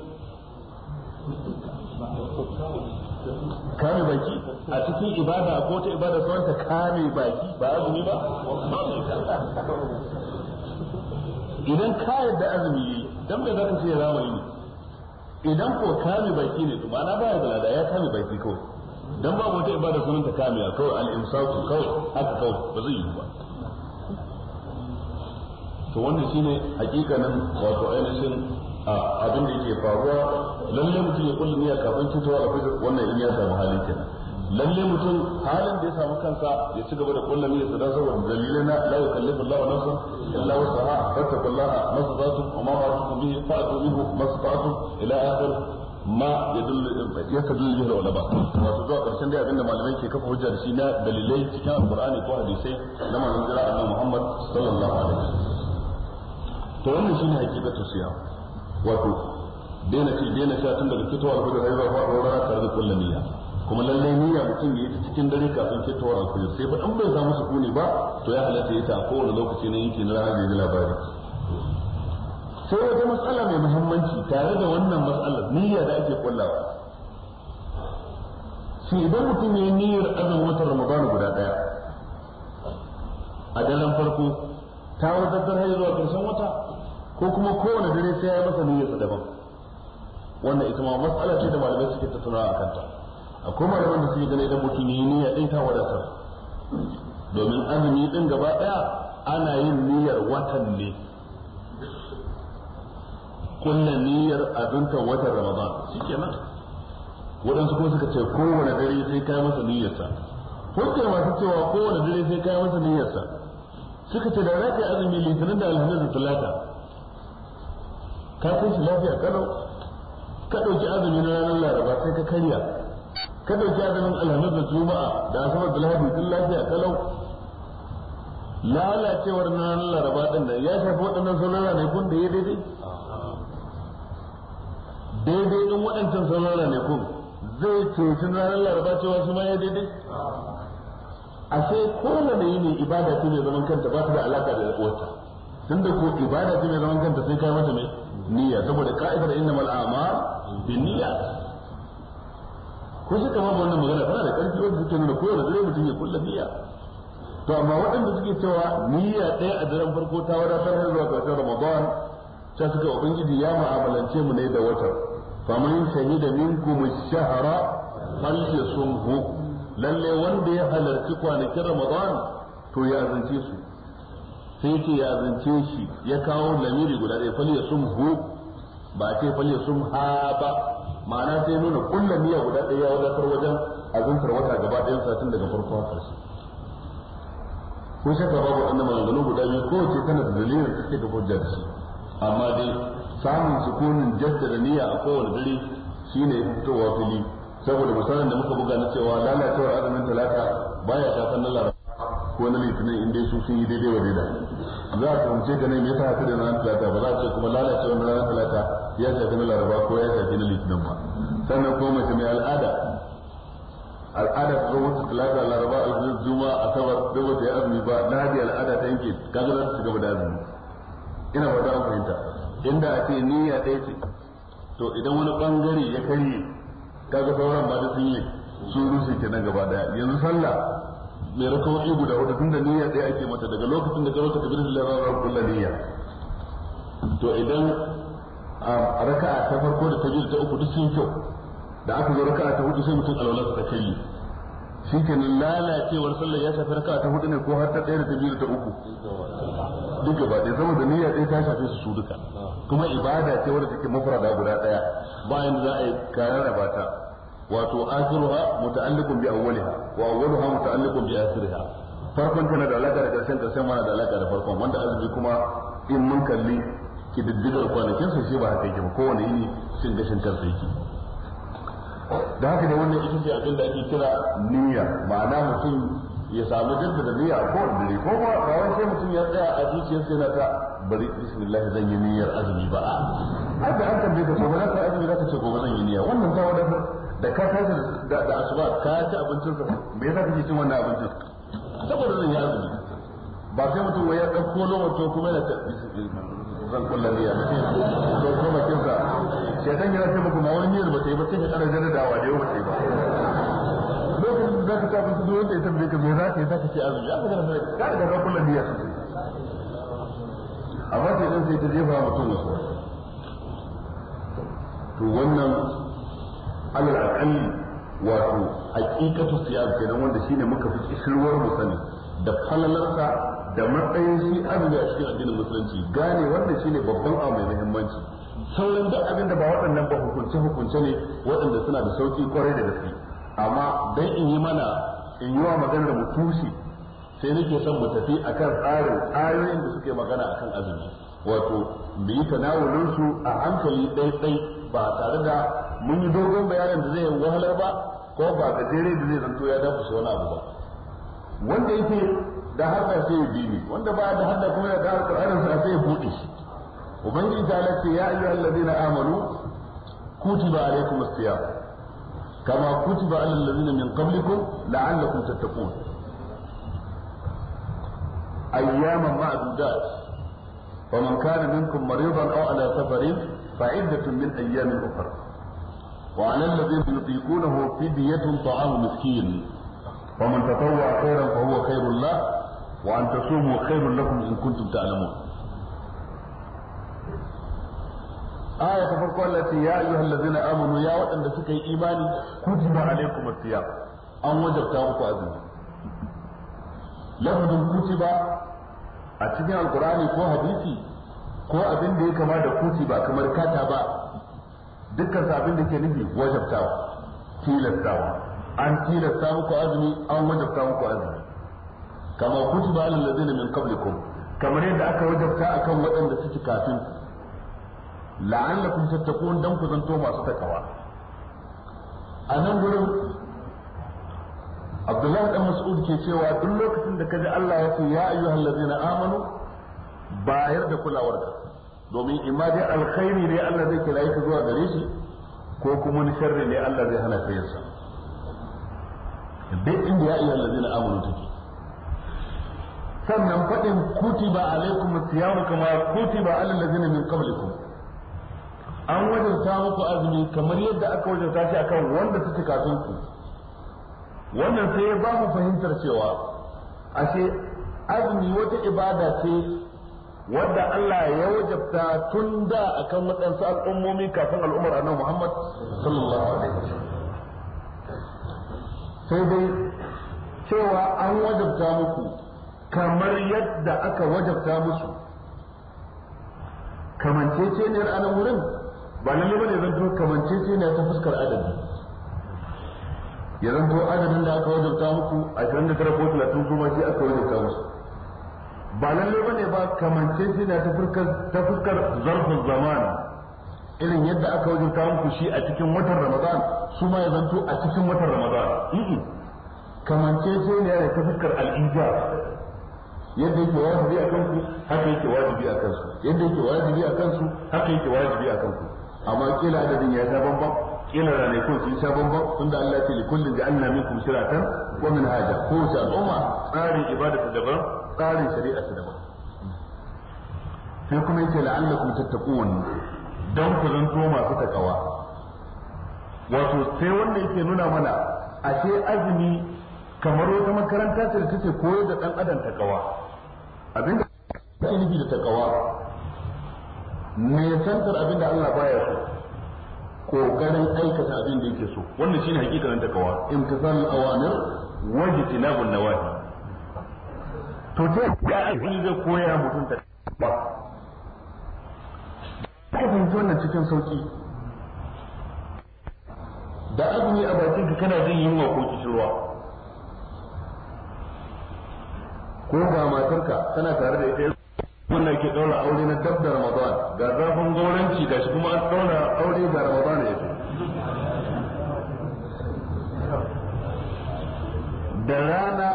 kame baki a cikin ibada ko ta ibada sauran ta kame baki ba azumi ba idan ka yadda azumi yi dan bai zaka ce ya rama ne idan ko kame baki ne to ma'ana ba ya da ya kame baki kawai dan babu wata ibada sunan ta kamiya kawai al-imsaku kawai haka kawai ba zai yi ba to wannan shine hakikanin wato ainihin abin da yake faruwa lalle mutum ya kullu niyya kafin fitowa a fitar wannan in ya samu halin kenan lalle mutum halin da ya samu kansa ya ci gaba da kullu niyya sa saboda dalilai na la yukallifu Allahu nafsan illa wusaha fattaqullaha masata'tum wa ma ba'atukum bihi fa'tu minhu masata'tum ila akhir ma ya dullu ya sadullu jihar wala ba wato zuwa karshen dai abinda malamai ke kafa hujja da shi na dalilai cikin alqur'ani ko hadisai na manzon jira annabi Muhammad sallallahu alaihi wasallam to wannan shine hakikatu siya wato daina ci daina sha tun daga fitowar fitowar da zuwa fara rana tare da kullum niyya kuma lallai niyya mutum ya yi cikin dare kafin fitowar alfajir sai ba dan bai samu sukuni ba to ya halatta ya ta ko wani lokaci ne yanki na rana da labari sai wata matsala mai muhimmanci tare da wannan matsalar niyya da ake kullawa shi idan mutum ya yi niyyar azumin watan ramadan guda daya a daren farko ta wadatar har zuwa karshen wata ko kuma kowane dare sai ya yi masa niyyarsa daban wannan ita ma matsala ce da malamai suke tunawa a kanta akwai malaman da suke ganin idan mutum ya yi niyya din ta wadatar domin azumi din gaba ɗaya ana yin niyyar watan ne kunna niyyar azunta watan ramadan nan waɗansu kuma suka ce kowane dare sai kai masa niyyarsa hujjar masu cewa kowane dare sai kai masa niyyarsa suka ce da za ka yi azumi litinin da alhamis da talata ka kai shi lafiya kano ka ɗauki azumi na ranar laraba sai ka karya ka ɗauki azumin alhamis da juma'a da asabar da lahadi duk lafiya kano lalacewar na ranar laraba ɗin nan ya shafi waɗannan sauran ranakun da ya daidai daidai din waɗancan ne ku zai cocin ranar laraba cewa shi ma ya daidai sai kowane ne ibada ce mai zaman kanta ba ta da alaƙa da uwarta da ko ibada ce mai zaman kanta sai kai mata mai niyya saboda ka'idar innamal a'mal niyya ko shi kamar wannan magana tana da ƙarfi wanda suke nuna kowane dare mutum ya kulla niyya to amma waɗanda suke cewa niyya ɗaya a daren farko ta wadatar har zuwa ƙarshen ramadan sai suka ubangiji ya mu'amalance mu ne da watan faman shahida minkum ash-shahra falyasumhu lallai wanda ya halarci kwanakin ramadan to ya zance su sai ce ya zance shi ya kawo lamiri guda ɗaya falyasumhu ba ce falyasumha ba ma'ana sai nuna ƙulla niyya guda ɗaya ya wadatar wajen azuntar wata gaba ɗayan satin daga farko har ƙarshe ko shaka babu annan maganganu guda biyu kowace tana da dalilin da take da hujja da shi samun sukunin jaddada niyya a kowane dare shine fitowa fili saboda misalin da muka buga na cewa lalacewar azumin talata baya shafan na laraba ko na litinin inda su sun yi daidai wa daida za a fahimce ka ne me yasa haka da ranar talata ba za a ce kuma lalacewar na ranar talata ya shafi na laraba ko ya shafi na litinin ba sannan kuma mace mai al'ada al'ada ta zama talata laraba zuwa juma sabar duk wata ya azumi ba na hadi al'ada ta yanke kaga za su ci gaba da azumi ina ba ta inda a ce niyya ɗaya ce to idan wani ɓangare ya karye kaga sauran ba da sun yi su rushe nan gaba daya yanzu sallah mai rakawai guda wata tun da niyya ɗaya ake mata daga lokacin da gaba ta kabir da ba kulla niyya to idan a ah, raka ta farko da ta biyu ta uku duk sun kyau da aka zo raka ta hudu sai mutum alwala ta kai shi nan lalacewar sallar ya shafi raka ta hudu ne ko har ta ɗaya da ta biyu da ta uku duk gaba ɗaya saboda niyya ɗaya ta shafe su su duka kuma ibada ce wadda take mafrada guda daya bayan za a yi bata rabata wato akhiruha muta'alliqun bi awwaliha wa awwaluha muta'alliqun bi akhiriha farkon tana da alaka da karshen karshen mana da alaka da farkon wanda azumi kuma in mun kalli ki diddigar kwanakin sa shi ba haka yake ba kowane yini ga gashin kansa yake da haka da wannan ita ce abin da ake kira niyya ma'ana mutum ya samu da niyya ko dare ko ba a wai sai mutum ya tsaya a zuciyarsa yana ta bari bismillah zan yi niyyar azumi ba a da an tambaye ka gobe zaka azumi ka ce gobe zan yi niyya wannan ta wadatar da ka tashi da da asuba ka ci abincin ka me yasa kake cin wannan abincin saboda zan yi azumi ba sai mutum ya dauko to kuma yana ta zan kulla niyya to kuma kinsa dan yana ce muku ma wani niyyar ba ta yi ba sai ka kara jaddadawa da yau ba ta yi ba da zaka ci abinci duk wanda ya tambaye ka me za ka yi za ka ci azumi ya magana sai ka riga ka kullu A ba sai idan sai ta jefa mutum wasu to wannan alal aqalli wato haqiqatu siyam kenan wanda shine muka fi kishirwar mu sani da falalarsa da matsayin shi azumi a cikin addinin musulunci gane wannan shine babban abu mai muhimmanci sauran duk abin da ba waɗannan ba hukunce hukunce ne waɗanda suna da sauki kwarai da gaske amma dan in yi mana in yi wa maganar mu tushe sai nake son mu tafi akan tsarin tsarin da suke magana akan azumi wato mu yi tanawulin su a hankali ɗai ba tare da mun yi dogon bayanin da zai wahalar ba ko ba gajere da zai zanto ya dafa wani abu ba wanda yake da harka sai ya bibi wanda ba da hadda kuma ya da alƙur'anin sa sai ya buɗe shi ubangiji ta lace ya ayyuhal ladina amanu kutiba alaykumus siyam كما كتب على الذين من قبلكم لعلكم تتقون أياما معدودات فمن كان منكم مريضا أو على سفر فعدة من أيام أخرى وعلى الذين يطيقونه فدية طعام مسكين ومن تطوع خيرا فهو خير له وأن تصوموا خير لكم إن كنتم تعلمون aya ta farko Allah ce ya ayyuhal ladzina amanu ya waɗanda suka yi imani kutiba alaikum as-siyam an wajabta muku azumi lafazin kutiba a cikin alqur'ani ko hadisi ko abin da ya kama da kutiba kamar kata ba dukkan abin da ke nufi wajabta tilasta. an tilasta muku azumi an wajabta muku azumi Kamar kutiba alal ladzina min qablikum kamar yadda aka wajabta akan waɗanda suke kafin ku la'allakum tattaqun dan ku zanto masu takawa a nan gurin Abdullahi dan Mas'ud ke cewa duk lokacin da kaji Allah ya ce ya ayyuhal ladzina amanu bayar da kulawar ka domin imma dai alkhairi ne Allah zai kira ka zuwa gare shi ko kuma ni sharri ne Allah zai hana ka yin sa duk inda ya ayyuhal ladzina amanu take sannan faɗin kutiba alaikum siyamu kama kutiba alal ladzina min qablikum an wajabta muku azumi kamar yadda aka wajenta shi akan wanda suke kafin ku wannan sai ya ba mu fahimtar cewa ashe azumi wata ibada ce wadda Allah ya wajabta tun da akan waɗansu al'ummomi kafin al'ummar annabi Muhammad sallallahu alaihi sai dai cewa an wajabta muku kamar yadda aka wajabta musu ne ranar wurin ba lalle bane zan to kamance ne ta fuskar adadi ya zan to adadin da aka ta muku 29 ko tun kuma shi aka ta musu ba lalle bane ba kamance ne ta fuskar ta fuskar zarfin zamana irin yadda aka ta muku shi a cikin watan Ramadan su ma ya zanto a cikin watan Ramadan kamance ne ta fuskar al yadda yake wajibi a kansu haka yake wajibi a kansu yadda yake wajibi a kansu haka yake wajibi a kanku amma kila adadin ya sha bambam kila ranakun sun sha bambam da Allah ya ce li kullin ja'alna minkum shiratan wa minhaja ko wace al'umma tsarin ibada ta daban tsarin shari'a ta daban sai kuma yace la'allakum tattaqun dan ku zanto masu takawa wato sai wanda yake nuna mana ashe azumi kamar wata makaranta ce da take koyar da dan adam takawa abinda ake nufi da takawa nisantar abin da Allah baya so kokarin aikata abin da yake so wannan shine hakikanin takawa In ka imtisal awamir wajtinabun nawahi to ta ya abin zai koya mutum ta ba ka fahimci wannan cikin sauki da azumi a bakin ka kana jin yunwa ko kishirwa ko ga matarka tana tare da ita wanda yake daura aure na dab da ramadan ga zafin gauranci ga shi kuma an daura aure da ramadan ya fi. da rana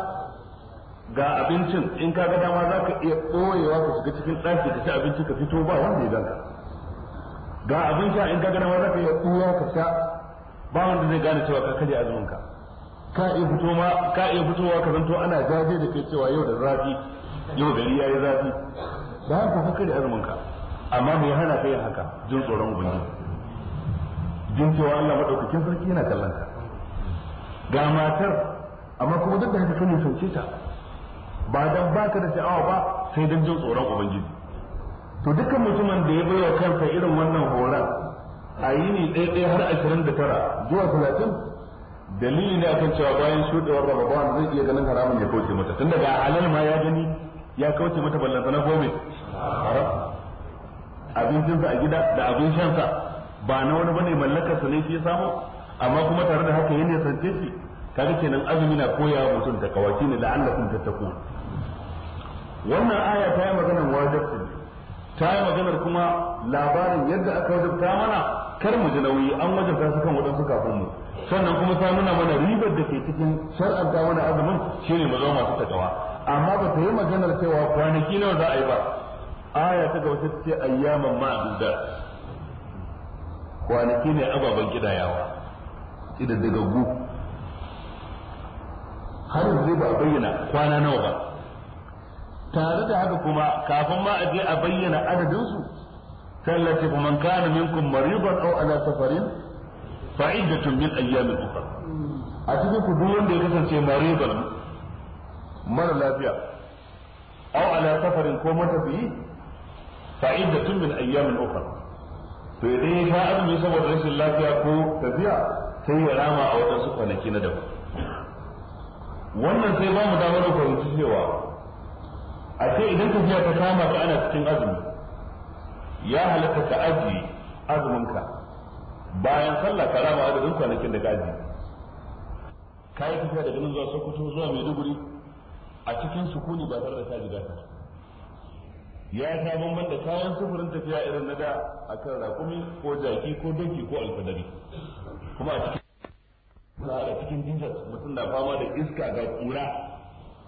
ga abincin in ka ga dama za ka iya ɓoyewa ka shiga cikin ɗaki ka ci abinci ka fito ba wanda ya ganka ga abinci in ka ga dama za ka iya ɓuya ka sha ba wanda zai gane cewa ka karya azumin ka ka iya fitowa ka zanto ana jaje da kai cewa yau da zafi yau gari yi zafi da haka haka da azumin ka amma ya hana yi haka jin tsoron ubangiji jin cewa Allah maɗaukakin sarki yana kallon ka ga matar amma kuma duk da haka kane sauke ta ba dan baka da sha'awa ba sai dan jin tsoron ubangiji to dukkan mutumin da ya bai wa kansa irin wannan horon a yi ne ɗaiɗai har ashirin da tara zuwa talatin dalili ne akan cewa bayan shuɗewar rababawan zai iya ganin haramun ya kauce mata tun daga halal ma ya gani ya kauce mata ballantana ko me abincinsa a gida da abin shansa ba na wani bane mallakar sa ne shi ya samu amma kuma tare da haka yana sance shi kaga kenan azumi na koyawa mutum da kawaki ne la'allakum tattaqun wannan aya ta yi maganar wajibi ta yi maganar kuma labarin yadda aka wajabta mana kar mu ji nauyi an wajabta su kan waɗansu kafin mu sannan kuma ta nuna mana ribar da ke cikin shar'anta mana azumin shine mu zama masu takawa amma ba ta yi maganar cewa kwanaki nawa za a yi ba aya ta ga wata ce ayyaman ma'adudar kwanaki ne ababen kidayawa idan daga gu har zai ba bayyana kwana nawa ba tare da haka kuma kafin ma a je a bayyana adadinsu tallace kuma kana minkum mariban aw ala safarin fa min ayyamin ukhra a cikin ku duk wanda ya kasance mariban mara lafiya aw ala safarin ko matafiyi fa tun min ayyamin ukar to idan ya sha azumi saboda rashin lafiya ko tafiya sai ya rama a waɗansu kwanaki na daban wannan sai ba mu damar da fahimci cewa a ce idan tafiya ta kama ka ana cikin azumi ya halatta ka ajiye azuminka bayan sallah ka rama adadin kwanakin da ka aji ka yi tafiya daga nan zuwa sokoto zuwa maiduguri a cikin sukuni ba tare da ta jiga ta ya ta bamban da kayan sufurin tafiya irin na da a kan rakumi ko jaki ko doki ko alfadari kuma a cikin a cikin jinjar mutum na fama da iska ga kura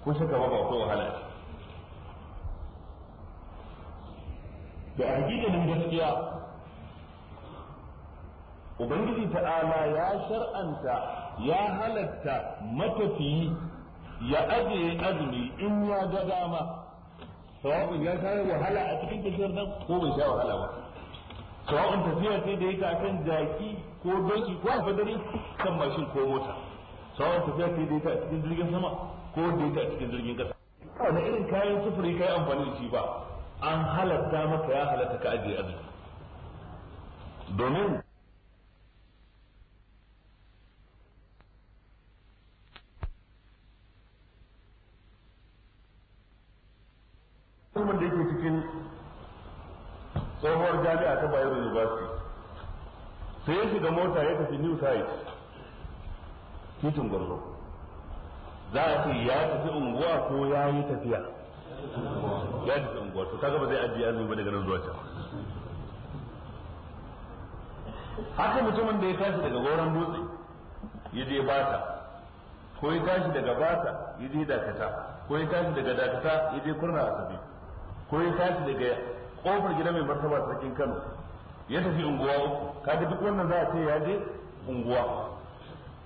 ko shaka ba ko wahala ce da hakikanin gaskiya ubangiji ta'ala ya shar'anta ya halatta matafiyi ya ajiye azumi in ya ga dama sawabin ya sha wahala a cikin kishiyar nan ko bai sha wahala ba sawabin tafiya sai da yake kan jaki ko doki ko alfadari kan mashin ko mota sawabin tafiya sai da yake a cikin jirgin sama ko da yake a cikin jirgin kasa wani irin kayan sufuri kai amfani da shi ba an halatta maka ya halatta ka ajiye azumi domin mutumin da yake cikin tsohuwar jami'a ta bayero university sai ya shiga mota ya tafi new site titin gwarzo za a ce ya tafi unguwa ko ya yi tafiya ya tafi unguwa to kaga ba zai ajiye azumi ba daga nan zuwa can haka mutumin da ya tashi daga goron dutse ya je bata ko ya tashi daga bata ya je dakata ko ya tashi daga dakata ya je kurna asabi ko ya tashi daga kofar gida mai martaba sarkin Kano ya tafi unguwa uku kaga duk wannan za a ce ya je unguwa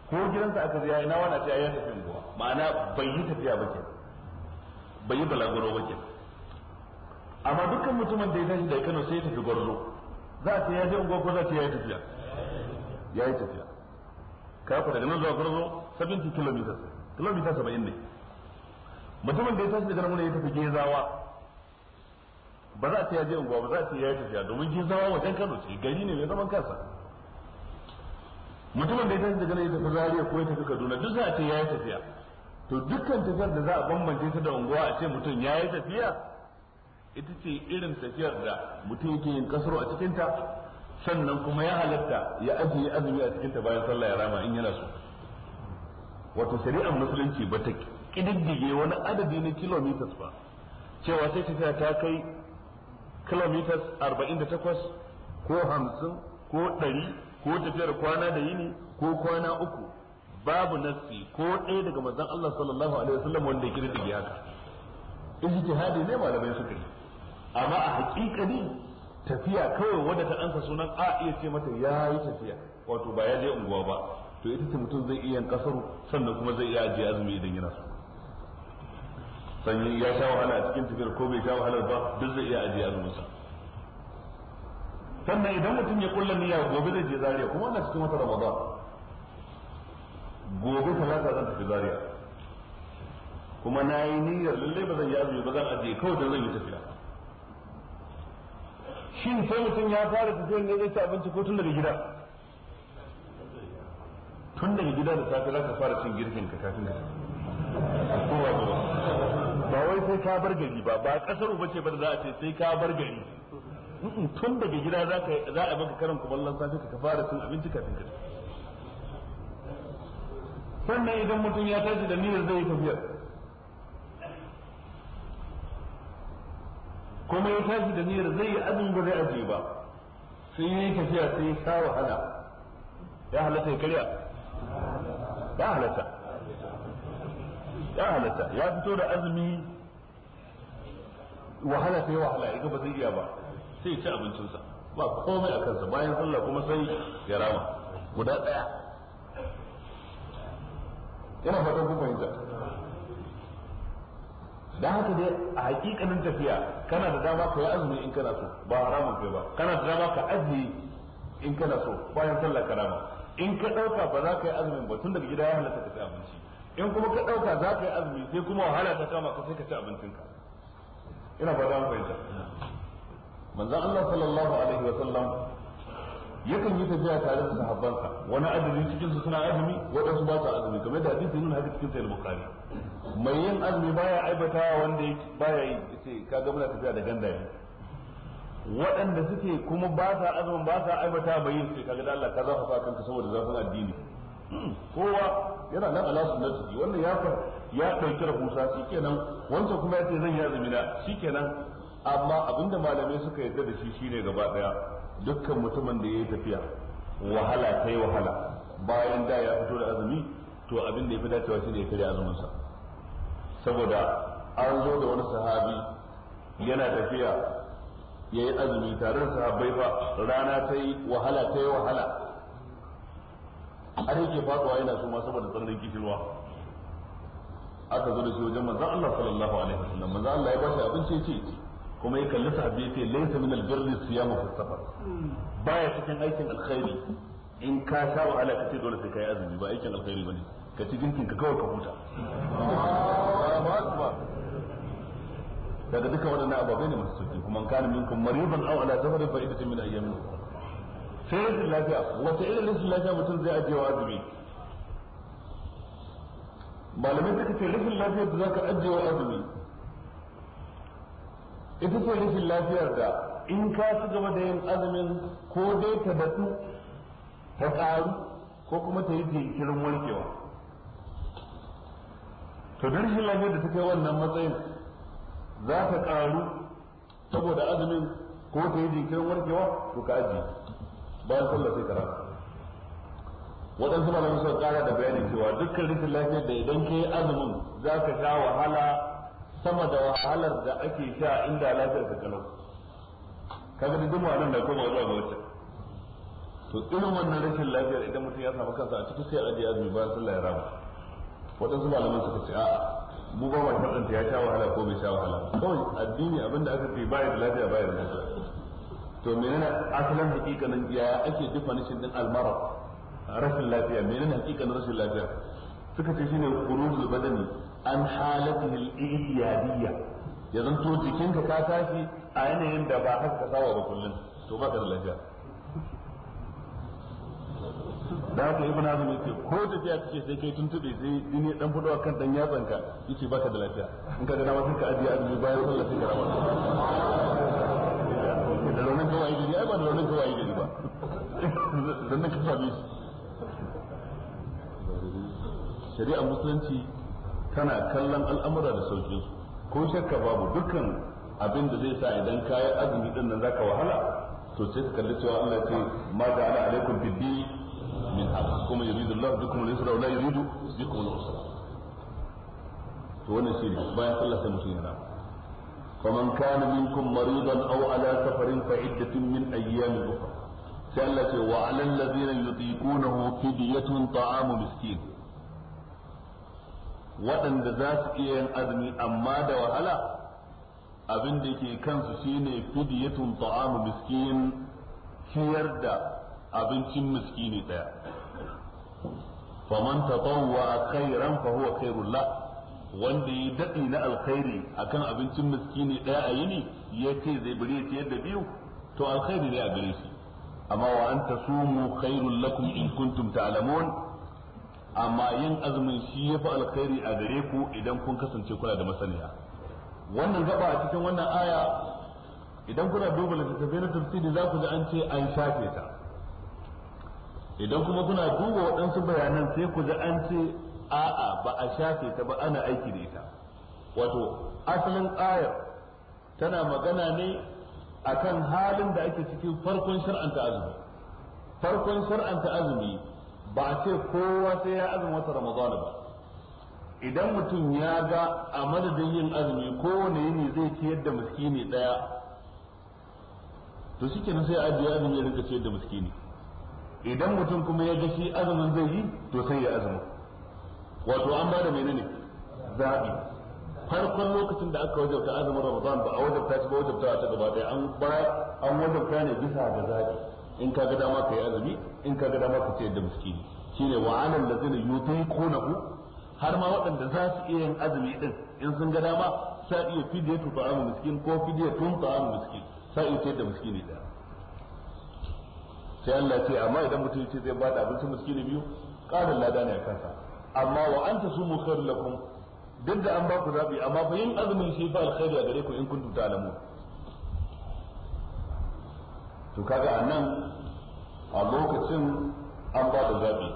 ko gidansa aka ziya ina nawa na ce ya tafi unguwa ma'ana bai yi tafiya ba ke bai yi balaguro ba ke amma dukkan mutumin da ya tashi daga Kano sai ya tafi gwarzo za a ce ya je unguwa ko za a ce ya yi tafiya ya yi tafiya kafa daga nan zuwa gwarzo 70 kilometers kilomita 70 ne mutumin da ya tashi daga nan ya tafi gezawa ba za ta yaje unguwa ba za ta yaje tafiya domin shi zama wajen Kano ce gari ne mai zaman kansa mutumin da ya tafi daga nan ya tafi Zaria ko ya tafi Kaduna duk za ta yaje tafiya to dukkan tafiyar da za a bambance ta da unguwa a ce mutum ya yi tafiya ita ce irin tafiyar da mutum yake yin kasaro a cikinta sannan kuma ya halatta ya ajiye azumi a cikinta bayan sallah ya rama in yana so wato shari'ar musulunci ba ta kididdige wani adadi na kilomitas ba cewa sai tafiya ta kai kilometers 48 ko 50 ko 100 ko tafiyar kwana da yini ko kwana uku babu nassi ko ɗaya daga manzon Allah sallallahu alaihi wasallam wanda ya kirdige haka ijtihadi ne malamai suka yi amma a hakikani tafiya kawai wanda ta ansa sunan a iya ce mata ya yi tafiya wato ba ya je unguwa ba to ita ce mutum zai iya kasaru sannan kuma zai iya ajiye azumi idan yana so sanyi ya sha wahala a cikin tafiyar ko bai sha wahalar ba duk zai iya ajiye azuminsa sannan idan mutum ya kulla niyya gobe zai je zariya kuma wannan cikin wata ramadan gobe talata zan tafi zariya kuma na yi niyyar lallai ba zan yi azumi ba zan ajiye kawai da zan yi tafiya shin sai mutum ya fara tafiyar ne zai ci abinci ko tun daga gida tun daga gida da safe za ka fara cin girkin ka kafin ka kowa zuwa ba wai sai ka bar gari ba ba kasar uba ce ba da za a ce sai ka bar gari tun daga gida za a yi a maka karin kumallon safe ka fara cin abinci kafin ka sannan idan mutum ya tashi da niyyar zai yi tafiyar kuma ya tashi da niyyar zai yi abin ba zai ajiye ba sai ya yi tafiya sai ya sa wahala ya halatta ya karya ba halatta ya halatta ya fito da azumi wahala sai wahala ya ba zai iya ba sai ya ci abincinsa ba komai a kansa bayan sallah kuma sai ya rama guda ɗaya Yana fatan kuma fahimta da haka dai a hakikanin tafiya kana da dama ka yi azumi in kana so ba haramun kai ba kana da dama ka ajiye in kana so bayan sallah rama in ka ɗauka ba za ka yi azumin ba tun daga gida ya halatta ka ci abinci in kuma ka ɗauka za ka yi azumi sai kuma wahala ta kama ka sai ka ci abincinka ina ba za mu fahimta manzon Allah sallallahu alaihi wa sallam yakan yi tafiya tare da sahabbansa wani adadin cikin su suna azumi waɗansu ba su azumi kamar da hadisi nuna hadisi cikin sahih bukhari mai yin azumi baya aibata wanda baya yi yace kaga muna tafiya da gandaye waɗanda suke kuma ba sa azumin ba sa aibata bai yin sai kaga da Allah ka zafa kanka saboda zafin addini Hmm, kowa yana nan ala ji wannan ya fa ya dauki rahusa shikenan wancan kuma yace zan ya zamina shikenan amma abinda malamai suka yarda da shi shine gaba daya dukkan mutumin da yayi tafiya wahala ta wahala bayan da ya fito da azumi to abin da ya fi dacewa shine ya karya azumin sa saboda an zo da wani sahabi yana tafiya yayi azumi tare da sahabbai fa rana ta yi wahala ta yi wahala har yake faduwa yana so ma saboda tsananin kishirwa aka zo da shi wajen manzon Allah sallallahu alaihi wasallam manzon Allah ya bashi abinci ya ce kuma ya kalli sahabbai ya ce laysa min albirri siyam fi safar baya cikin aikin alkhairi in ka sha wahala ka ce dole sai kai azumi ba aikin alkhairi bane ka ci dinkin ka kawai ka huta daga duka waɗannan ababai ne masu sauki kuma kana minkum maridan aw ala safarin fa idatun min ayyamin ukhra sai rashin lafiya wata irin rashin lafiya mutum zai ajiye wa azumi malamai suka ce rashin lafiyar da zaka ajiye wa azumi ita ce rashin lafiyar da in ka su gaba da yin azumin ko dai ta batu ta ƙaru ko kuma ta yi jinkirin warkewa to da rashin lafiyar da ta kai wannan matsayin za ta ƙaru saboda azumin ko ta yi jinkirin warkewa to ka ajiye bayan sallah sai kara waɗansu malamai sun kara da bayani cewa dukkan rikin lafiyar da idan ka yi azumin za ka sha wahala sama da wahalar da ake sha inda lafiyar ka kalau kaga da duma nan da koma zuwa ga wacce to irin wannan rashin lafiyar idan mutum ya samu kansa a ciki sai aje azumi bayan sallah ya rama waɗansu malaman suka ce a'a mu ba wa ya sha wahala ko bai sha wahala kawai addini abinda aka ce bayan lafiya bayan da lafiya to menene asalin hakikanin ya ake definition din almarad rashin lafiya menene hakikanin rashin lafiya suka ce shine khurujul badani an halatihi al-iyadiyya ya zanto jikinka ka tashi a yanayin da ba haka ka saba ba kullun to ba ka da lafiya da haka ibn azum yace ko tafiya kake sai kai tuntube sai dini dan fuduwa kan dan yatsanka yace baka da lafiya in ka ga na wasu ka ajiya azumi bayan sallah sai ka raunin kawai gari ai ba da raunin kawai gari ba dan nan kafa ne shari'a musulunci tana kallon al'amura da sauƙi ko shakka babu dukkan abin da zai sa idan kayan azumi din nan zaka wahala to sai ka kalli cewa Allah ya ce ma ja'ala alaikum bidi min haraj kuma yuridu Allah bikum al-yusra wa la yuridu bikum al-usra to wannan shi ne bayan Allah sai mutum ya na فمن كان منكم مريضا أو على سفر فعدة من أيام أخرى سألت وعلى الذين يطيقونه فدية طعام مسكين waɗanda za su iya yin azumi amma da wahala abin da ke kansu shine fidiyatun ta'amu miskin ciyar da abincin miskini ɗaya faman tatawwa khairan fa huwa khairul wanda ya daɗi na alkhairi akan abincin miskini ɗaya a yini ya ce zai bari ya ciyar da biyu to alkhairi ne a gare shi amma wa an tasumu khairul lakum in kuntum ta'lamun amma yin azumin shi yafi alkhairi a gare ku idan kun kasance kuna da masaniya wannan gaba a cikin wannan aya idan kuna duba littattafai na tafsiri za ku ji an ce an shafe ta idan kuma kuna duba waɗansu bayanan sai ku ji an ce a'a ba a shafe ta ba ana aiki da ita wato asalin ayar tana magana ne akan halin da ake cikin farkon shar'anta azumi farkon shar'anta azumi ba ce kowa sai ya azumi wata ramadana ba idan mutum ya ga a madadin yin azumi kowane yini zai ci yadda miskini daya to shi kenan sai ajiye azumi ya rinka ci yadda miskini idan mutum kuma ya ga shi azumin zai yi to sai ya azumi wato an ba da menene zaɓi farkon lokacin da aka wajabta azumin ramadan ba a wajabta shi ba wajabta ta gaba ɗaya an ba an wajabta ne bisa ga zaɓi. in ka ga dama kai azumi in ka ga dama ka ce da miskini shine wa alal ladzina yutiqunahu har ma waɗanda za su iya yin azumi din in sun ga dama sa iya fidiyar tu ta'amu miskin ko fidiyar tun ta'amu miskin sa iya ce da miskini da sai Allah ce amma idan mutum ce zai bada abincin miskini biyu ƙarin lada ne a kansa amma wa anta sumu khair lakum duk da an ba ku zabi amma fa yin azumin shi fa alkhairi a gare ku in kuntum ta'lamun to kaga anan a lokacin an ba da zabi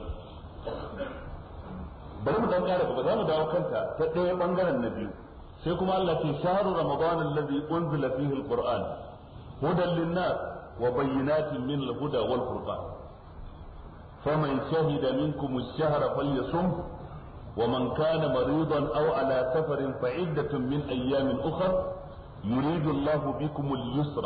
bari mu dan kara ba za mu dawo kanta ta ɗaya bangaren na biyu sai kuma Allah ce shahru ramadan alladhi unzila fihi alquran hudan linnas wa bayyinatin min alhuda wal furqan فمن شهد منكم الشهر فليصم ومن كان مريضا أو على سفر فعدة من أيام أخر يريد الله بكم اليسر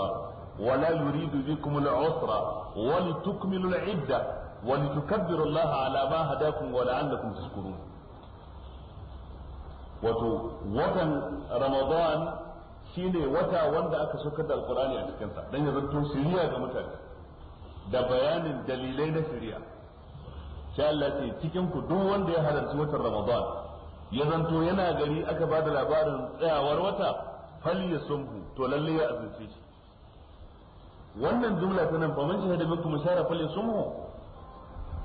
ولا يريد بكم العسر ولتكملوا العدة ولتكبروا الله على ما هداكم ولعلكم تشكرون wato watan ramadan shine wata wanda aka saukar da alkurani a cikinsa don ya zanto shiriya ga mutane da bayanin dalilai na shiriya sai Allah ce cikin ku duk wanda ya halarci watan Ramadan ya zanto yana gari aka bada labarin tsayawar wata fal sumbu to lalle ya azumce shi wannan jumla ta nan fa man shahada minkum shara fal ya sumbu?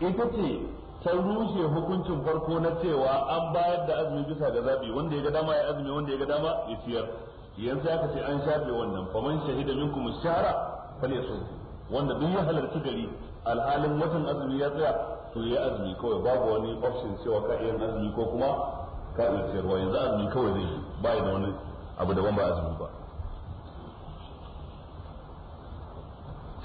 ita ce ta rushe hukuncin farko na cewa an bayar da azumi bisa ga zabi wanda ya ga dama ya azumi wanda ya ga dama ya ciyar yanzu aka ce an shafe wannan fa man shahida minkum shara fal yasumhu wanda duk ya halarci gari alhalin watan azumi ya tsaya to yi azumi kawai babu wani option cewa ka iya azumi ko kuma ka iya ciyarwa yanzu azumi kawai zai yi ba da wani abu daban ba azumi ba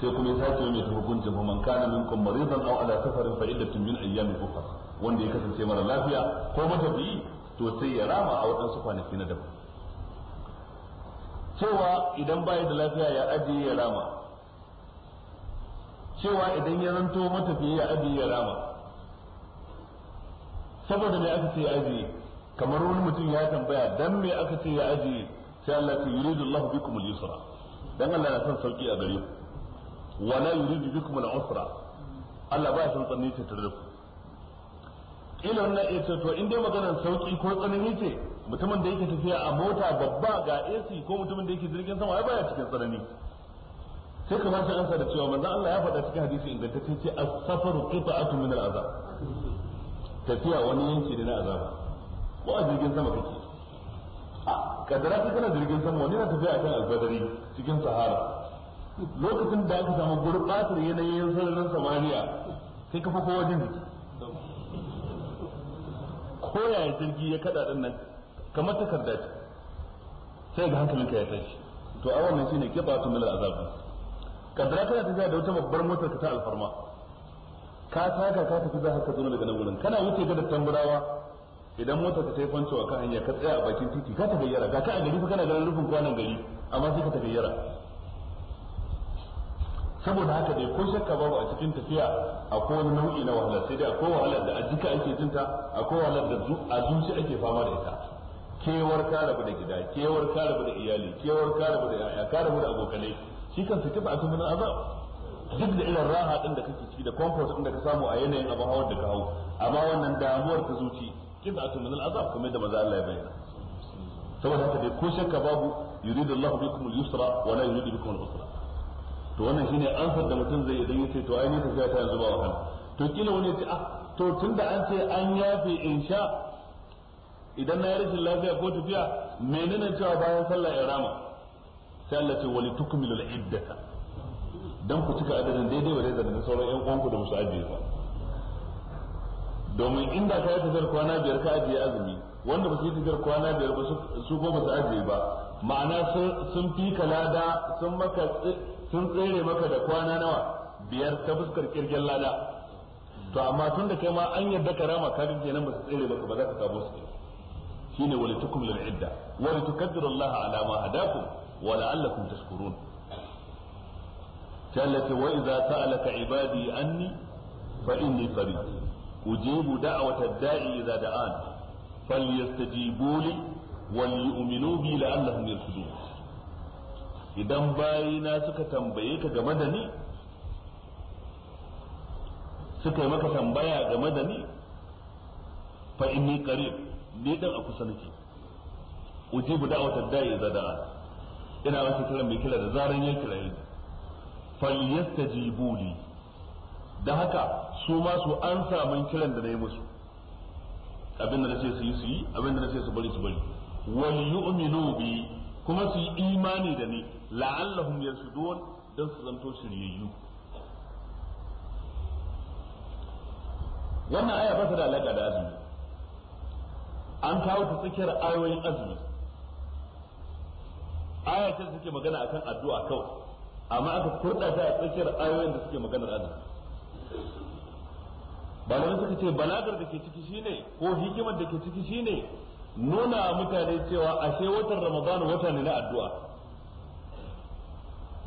sai kuma ya sake mai hukuncin fa man kana minkum maridan aw ala safarin fa iddatun min ayyamin ukhra wanda ya kasance mara lafiya ko matafiyi to sai ya rama a waɗansu kwanaki na daban cewa idan bayan da lafiya ya ajiye ya rama cewa idan ya zanto matafiya ya ajiye ya rama saboda me aka ce ya ajiye kamar wani mutum ya tambaya dan me aka ce ya ajiye sai Allah ya yuridu Allah bikum al-yusra dan Allah na son sauki a gare ku la yuridu bikum al-usra Allah ba ya san tsanni ta tare ku ila na ya ce to in dai maganar sauki ko tsanani ce mutumin da yake tafiya a mota babba ga AC ko mutumin da yake jirgin sama ai baya cikin tsanani sai ku shi ansa da cewa manzo Allah ya faɗa cikin hadisi ingantacce ce as-safaru qita'atun min al-azab tafiya wani yanki ne na azaba ko a jirgin sama kake a kadara ta kana jirgin sama wani na tafiya kan albadari cikin sahara lokacin da aka samu gurbatar yanayin sararin samaniya sai ka fafo wajen jiki ko ya jirgi ya kada din nan kamar takarda ce sai ga hankalinka ya tashi to a wannan shine kibatu min al-azab kaddara ta tafiya da wata babbar motar ka ta alfarma ka taka ka tafi za ka zo daga nan wurin kana wuce ga dattan burawa idan motar ka ta yi fancewa ka hanya ka tsaya a bakin titi ka ta gayyara ga ka a gari fa kana ganin rufin kwanan gari amma sai ka ta gayyara saboda haka dai ko shakka babu a cikin tafiya akwai wani nau'i na wahala sai dai akwai wahala da ajika ake jinta akwai wahala da a zuci ake fama da ita kewar ka rabu da gida kewar ka rabu da iyali kewar ka rabu da yaya ka rabu da abokanai shi kan saki ba a tumin azab duk da irin raha din da kake ciki da comfort din da ka samu a yanayin abin hawar da ka hau amma wannan damuwar ta zuci kiba a tumin azab kuma da maza Allah ya bayyana saboda haka dai ko shakka babu yuridullahu bikum al-yusra wa la yuridu bikum al-usra to wannan shine ansar da mutum zai idan yace to ai ne tafiya ta yanzu ba wahala to kila wani ya ce ah to tunda an ce an yafe insha idan na yi rashin lafiya ko tafiya menene cewa bayan sallah ya rama sai Allah ce wali tukmilul iddata dan ku cika adadin daidai ba daidai da sauran yan uwanku da musu ajiye ba domin inda ka yi tafiyar kwana biyar ka ajiye azumi wanda ba su yi tafiyar kwana biyar ba su ko ba su ajiye ba ma'ana sun fi kalada sun maka sun tsere maka da kwana nawa biyar ta fuskar kirgin lada to amma tun da kai ma an yarda karama ka ga kenan ba su tsere maka ba za ka samu su shine wali tukum lil idda wali tukaddiru Allah ala ma hadakum wa la'allakum tashkurun kallati wa idza sa'alaka ibadi anni fa inni qarib ujibu da'wata da'i idza da'an falyastajibu li wal idan bayina suka tambaye ka game da ni suka yi maka tambaya game da ni fa inni qarib ni dan a kusa nake ujibu da'wata da'i idza ina wasu kiran mai kira da zaran ya kira yi falyastajibu da haka su ma su an samun kiran da yi musu abin da ce su yi su yi abin da ce su bari su bari wal yu'minu bi kuma su yi imani da ni la'allahum yarshudun dan su zanto shiryayyu wannan aya ba ta da alaka da azumi an kawo ta tsakiyar ayoyin azumi aya ce suke magana akan addu'a kawai amma aka kurda ta a tsakiyar ayoyin da suke magana da azumi malamai suka ce balagar da ke ciki shine ko hikimar da ke ciki shine nuna mutane cewa ashe watan ramadan wata ne na addu'a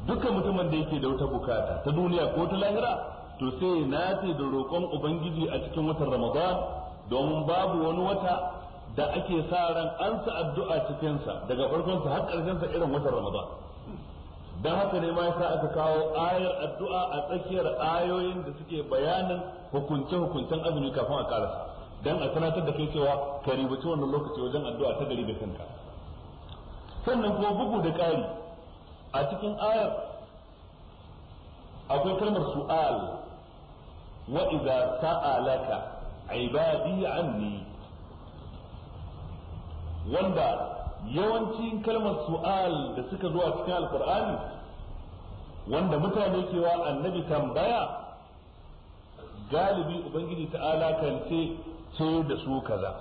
dukkan mutumin da yake da wata bukata ta duniya ko ta lahira to sai na ce da roƙon ubangiji a cikin watan ramadan domin babu wani wata da ake sa ran an sa addu'a cikin daga farkon sa har karshen sa irin watan Ramadan dan haka ne ma yasa aka kawo ayar addu'a a tsakiyar ayoyin da suke bayanin hukunce hukuncen azumi kafin a karasa dan a sanatar da kai cewa ka ribaci wannan lokaci wajen addu'a ta gari da kanka sannan kuma bugu da ƙari a cikin ayar akwai kalmar su'al wa idza sa'alaka ibadi anni wanda yawancin kalmar su'al da suka zo a cikin alkur'ani wanda mutane cewa annabi tambaya galibi ubangiji ta'ala kan ce ce da su kaza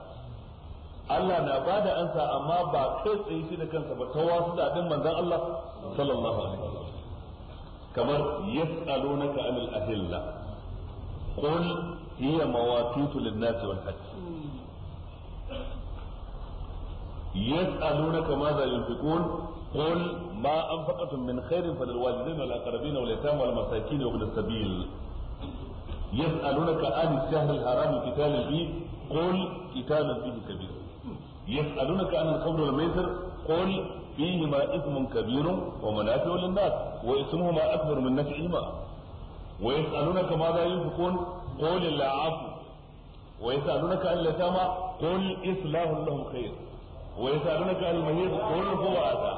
Allah na ba da ansa amma ba kai tsaye shi da kansa ba ta wasu da abin manzan Allah sallallahu alaihi wasallam kamar yas'alunaka anil ahilla qul hiya mawaqitu lin-nasi wal-hajj yas'alunaka ma za yunfiqun qul ma anfaqtum min khairin falil walidayni wal aqrabin wal yatama wal masakin wa ibn sabil yas'alunaka an ash-shahr al-haram qital fi qul فيهما إثم كبير ومنافع للناس وإثمهما أكبر من نفعهما ويسألونك ماذا ينفقون قل العفو ويسألونك عن اليتامى قل إصلاح لهم خير wa almaye al mahid kowa a ta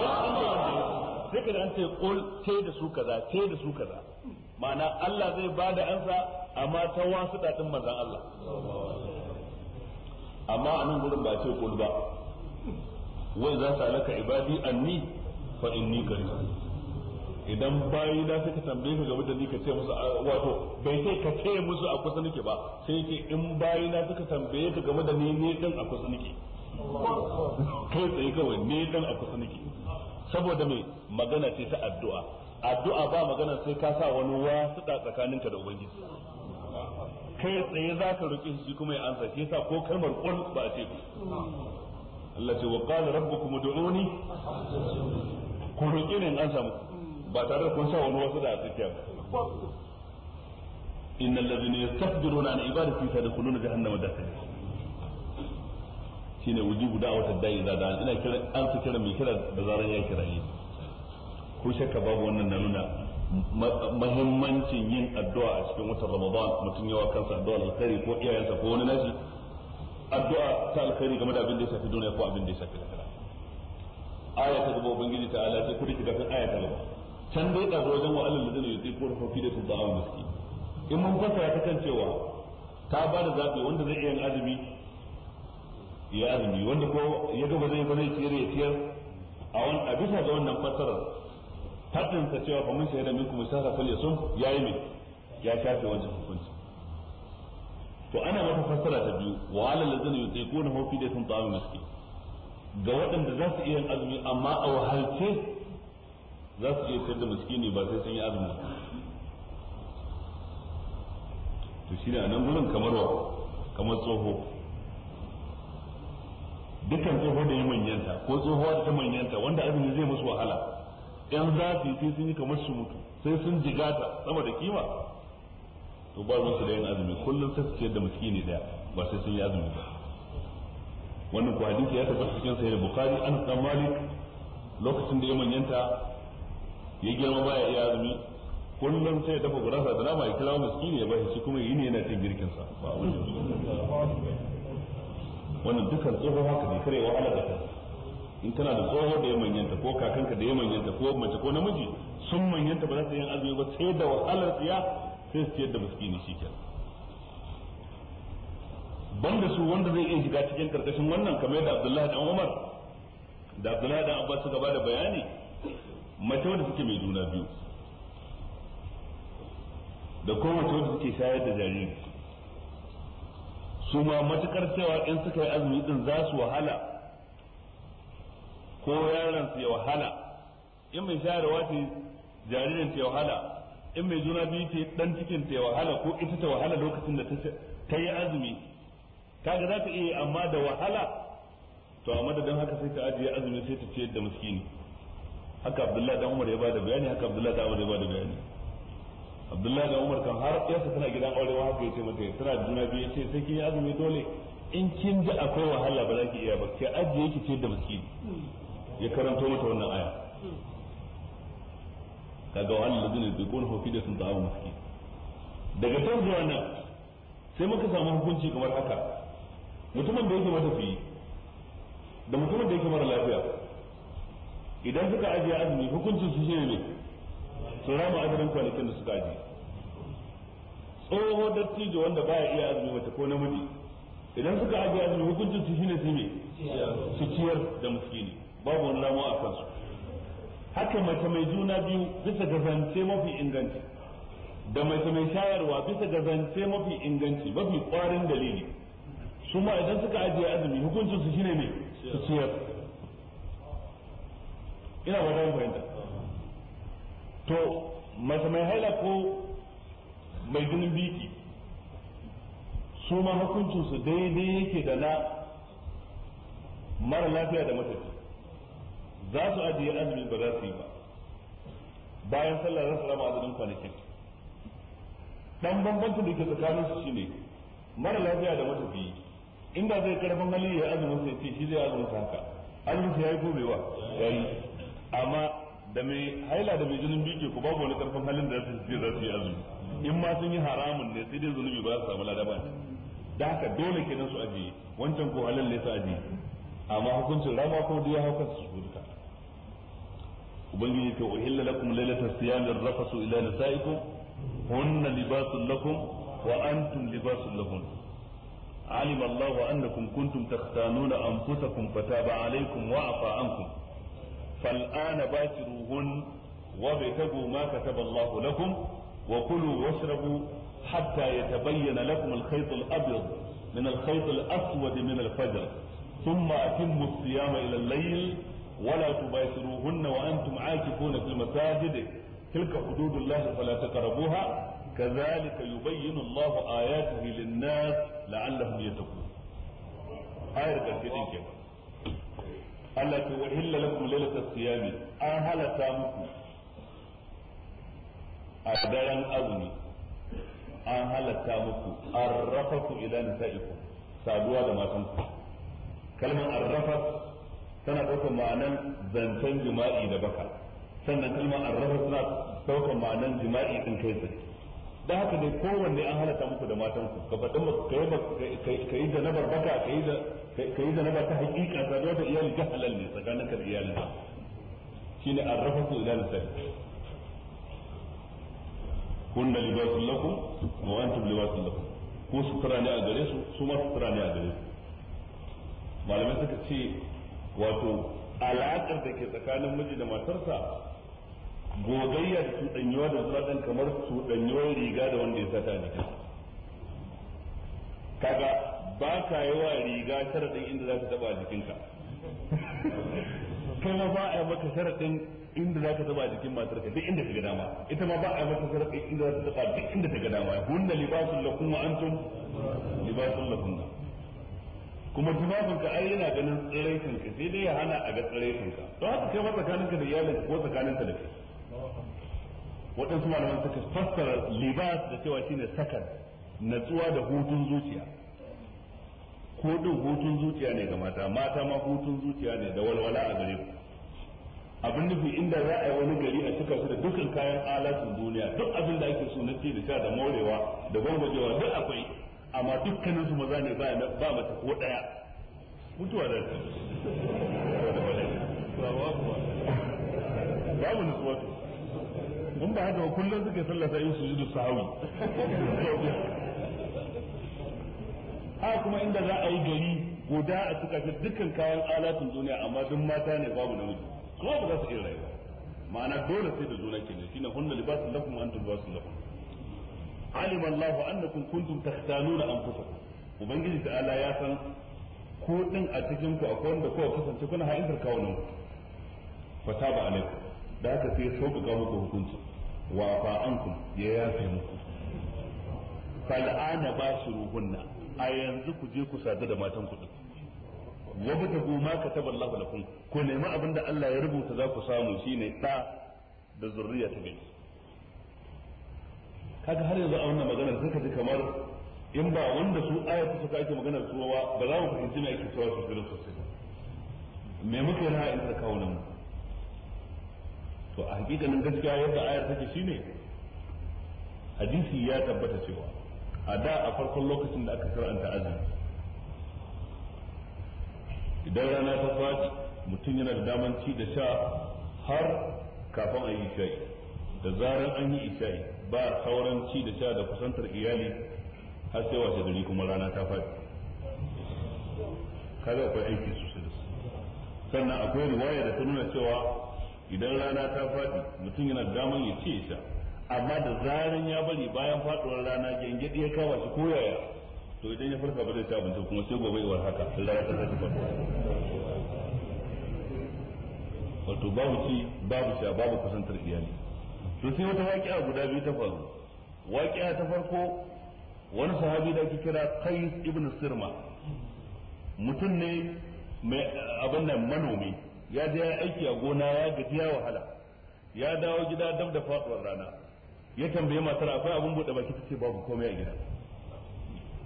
ya ya sai ka an sai qul te da su kaza te da su kaza ma'ana Allah zai ba da ansa amma ta wasu dadin manzon Allah amma a nan gudun ba ce qul ba wai za ta halaka ibadi anni fa inni kari idan bayi da suka tambaye ka game da ni ka ce musu wato bai sai ka ce musu a kusa nake ba sai ke in bayi na suka tambaye ka game da ni ne din a kusa nake kai tsaye kawai ne dan a kusa nake saboda mai magana ce ta addu'a addu'a ba magana sai ka sa wani da tsakaninka da ubangiji kai tsaye za ka roƙi shi kuma ya ansa shi yasa ko kalmar qul ba a ce ku Allah ce wa qala rabbukum ud'uni ku roƙi ne an samu ba tare da kun sa wani wasu da tsakiya ba innal ladhina yastakbiruna an ibadati sadkhuluna jahannama dakhila shine wujubu wata da'i da da ina kira an su kira mai kira da zaran ya kira ni ko shakka babu wannan na nuna muhimmancin yin addu'a a cikin watan Ramadan mutun yawa kansa addu'a alkhairi ko iyayensa ko wani naji addu'a ta alkhairi game da abin da ya shafi duniya ko abin da ya shafi lahira aya ta gaba ubangiji ta ala sai kudi dake kafin aya ta gaba can dai da wajen wa alal ladina yuziquna fa fi datu da'aw in mun fasa ta kan cewa ta ba da zabi wanda zai iya yin azumi ya azumi wanda ko ya ga ba zai ba zai ciyar ya ciyar a wani a bisa ga wannan fassarar haddin ta cewa fa mun shahida minkum shahra fal yasum yi me ya kafe wancan hukunci to ana mata fasara ta biyu wa alal ladzina yutiquna hu fi daytin ta'am miskin ga waɗanda za su iya azumi amma a wahalce za su iya ciyar da miskini ba sai sun yi azumi to shi ne a nan gurin kamar wa kamar tsoho dukkan tsoho da ya manyanta ko tsohuwa da ta manyanta wanda azumi zai musu wahala yan za su yi sai sun yi kamar su mutu sai sun jigata sama da kima to ba su da yin azumi kullum sai su ciyar da miskini daya ba sai sun yi azumi ba wannan ku hadisi ya tabbata cikin sahih bukhari an dan malik lokacin da ya manyanta ya girma baya iya azumi kullum sai ya dafa gurasa da nama ya kira miskini ya bashi shi kuma yi ne yana cin girkin sa ba wani wannan dukkan tsoho haka ne kare wahala da kansa in kana da tsoho da ya manyanta ko kakanka da ya manyanta ko mace ko namiji sun manyanta ba za su yi azumi ba sai da wahalar tsiya sai su ciyar da miskini shi kenan banda su wanda zai iya shiga cikin karkashin wannan kamar da Abdullahi dan Umar da Abdullahi dan Abbas suka da bayani mace wanda suke mai juna biyu da kuma mace wanda suke shayar da jariri su ma matukar cewa in suka yi azumi din za su wahala ko yaron su ya wahala in mai shayarwa ce jaririn ta wahala in mai juna biyu ce dan cikin ta wahala ko ita ta wahala lokacin da ta yi azumi kaga za ta iya amma da wahala to a madadin haka sai ta ajiye azumi sai ta ciyar da miskini haka abdullahi dan umar ya bada bayani haka abdullahi dan umar ya bada bayani abdullahi da umar kan har yasa tana gidan aure wa haka yace mata tana juna biyu yace sai kin azumi dole in kin ji akwai wahala ba za ki iya ba ki ajiye ki ce da miskini ya karanto mata wannan aya kaga wahala da zai bi kun hofi da sun ta'awu miskini daga can zuwa nan sai muka samu hukunci kamar haka mutumin da yake fi da mutumin da yake mara lafiya idan suka ajiye azumi hukuncin su shine ne su rama adadin kwanakin da suka aji tsoho dattijo wanda baya iya azumi mace ko namiji idan suka ajiye azumi hukuncin su shine su ne su ciyar da miskini babu wani ramuwa a kansu haka mace mai juna biyu bisa ga zance mafi inganci da mace mai shayarwa bisa ga zance mafi inganci mafi kwarin dalili su ma idan suka ajiye azumi hukuncin su shine ne su ciyar ina ba dan fahimta to mace mai haila ko mai jinin biki su ma hukuncinsu daidai yake da na mara lafiya da matafi za su ajiye azumi ba za su yi ba bayan sallah za su rama azumin kwanakin dan bambancin da ke tsakanin su shine mara lafiya da matafi inda zai karfin hali ya azumin sai ce shi zai azumin haka azumin sai yi gobewa yayi amma da mai haila da mai jinin biki ku babu wani karfin halin da su ce za su yi azumi in ma sun yi haramun ne sai dai zunubi ba za su samu lada ne. da haka dole kenan su ajiye wancan ko halal ne su ajiye amma hukuncin rama ko da ya hauka su hukunta ubangiji ta uhilla lakum lailatul siyam rafasu ila nisaikum hunna libasun lakum wa antum libasun lahun علم الله أنكم كنتم تختانون أنفسكم فتاب عليكم وعفى عنكم فالآن باشروهن وابتغوا ما كتب الله لكم وكلوا واشربوا حتى يتبين لكم الخيط الأبيض من الخيط الأسود من الفجر ثم أتموا الصيام إلى الليل ولا تباشروهن وأنتم عاكفون في المساجد تلك حدود الله فلا تقربوها كذلك يبين الله آياته للناس لعلهم يتقون آية كثيرين كده Allah ta wahilla lakum lailatul siyami an halata muku a daren azumi an halatta muku arrafatu ila nisaikum sabuwa da matan ku kalmar arrafat tana ɗaukar ma'anan zancen jima'i da baka sannan kalmar arrafat tana ɗaukar ma'anan jima'i din kai tsaye da haka dai kowanne an halatta muku da matanku ka faɗin ka yi janabar baka ka yi janabar ta hakika zo da iyali ga halal ne tsakanin ka da shi ne an rafa su idan lisani kun da libasun ma wa antum libasun lakum ko sutura ne a gare su su ma su sutura ne a gare su malamai suka ce wato alaƙar da ke tsakanin miji da matarsa gogayya da cuɗanyewa da juna ɗin kamar cuɗanyewar riga da wanda ya sata a kaga ba ka yi wa riga sharaɗin inda za ka taɓa a jikinka kai ma ba a yi maka sharaɗin inda za ka taɓa jikin matar ka duk inda ta ga dama ita ma ba a yi maka sharaɗin inda za ka taɓa duk inda ta ga dama hunna libasun lakum wa antum libasun lakum kuma tufafin ka ai yana ganin tsiraitin ka sai dai ya hana a ga tsiraitin ka don haka kai ma tsakaninka da iyalinka ko tsakaninka da kai waɗansu malaman suka fassara libas da cewa shine sakan natsuwa da hutun zuciya ko din hutun zuciya ne ga mata mata ma hutun zuciya ne da walwala a gare ku abin nufi inda za a yi wani gari a cika su da dukkan kayan alatin duniya duk abin da ake so na ce da sha da morewa da gwangwajewa duk akwai amma dukkanin su maza ne ba ba mata ko daya mutuwa da ta babu nutsuwa in ba haka kullum suke sallah sai su yi sahawi a kuma inda za a yi gari guda a suka fi dukkan kayan alatun duniya amma duk mata ne babu namiji ko ba za su iya rayuwa ma'ana dole sai da juna kenan shine hunna libasun lakum antum libasun lakum alima Allahu annakum kuntum takhtanuna anfusakum ubangiji ta'ala ya san ko din a cikin ku akwai wanda kowa kusance kuna ha'intar kawunan ku fataba alaikum da haka sai sauƙaƙa muku hukunci wa an ankum ya yafe muku fal'ana bashiruhunna a yanzu ku je ku sadu da matan ku wa goma ka kataba Allah lakum ku nemi abin da Allah ya rubuta za ku samu shine da da zurriya ta gani kaga har yanzu a wannan magana sai ka ji kamar in ba wanda su ayatu suka ake magana su ba za mu fahimci me ake cewa su sosai me muke na in ta kawo nan mu to a hakikanin gaskiya yadda ayar take shine hadisi ya tabbata cewa a da a farkon lokacin da aka karanta azumi idan rana ta faɗi mutum yana da daman ci da sha har kafin a yi shayi da zarar an yi isha'i ba sauran ci da sha da kusantar iyali har sai washe gari kuma rana ta faɗi kaga akwai aiki sosai sannan akwai riwaya da ta nuna cewa idan rana ta faɗi mutum yana damar ya ce sha amma da zarin ya bari bayan faɗuwar rana gengedi ya kawo shi koyaya to idan ya farka ba zai ci kuma sai gobe iwar haka rana ta zai faɗuwa wato babu ci babu sha babu kusantar iyali to sai wata waƙiya guda biyu ta faru waƙiya ta farko wani sahabi da ake kira kais ibn Sirma mutum ne mai abin nan manomi ya je ya aiki a gona ya gaji ya wahala ya dawo gida dab da faduwar rana ya tambaye matar akwai abin bude baki ce babu komai a gida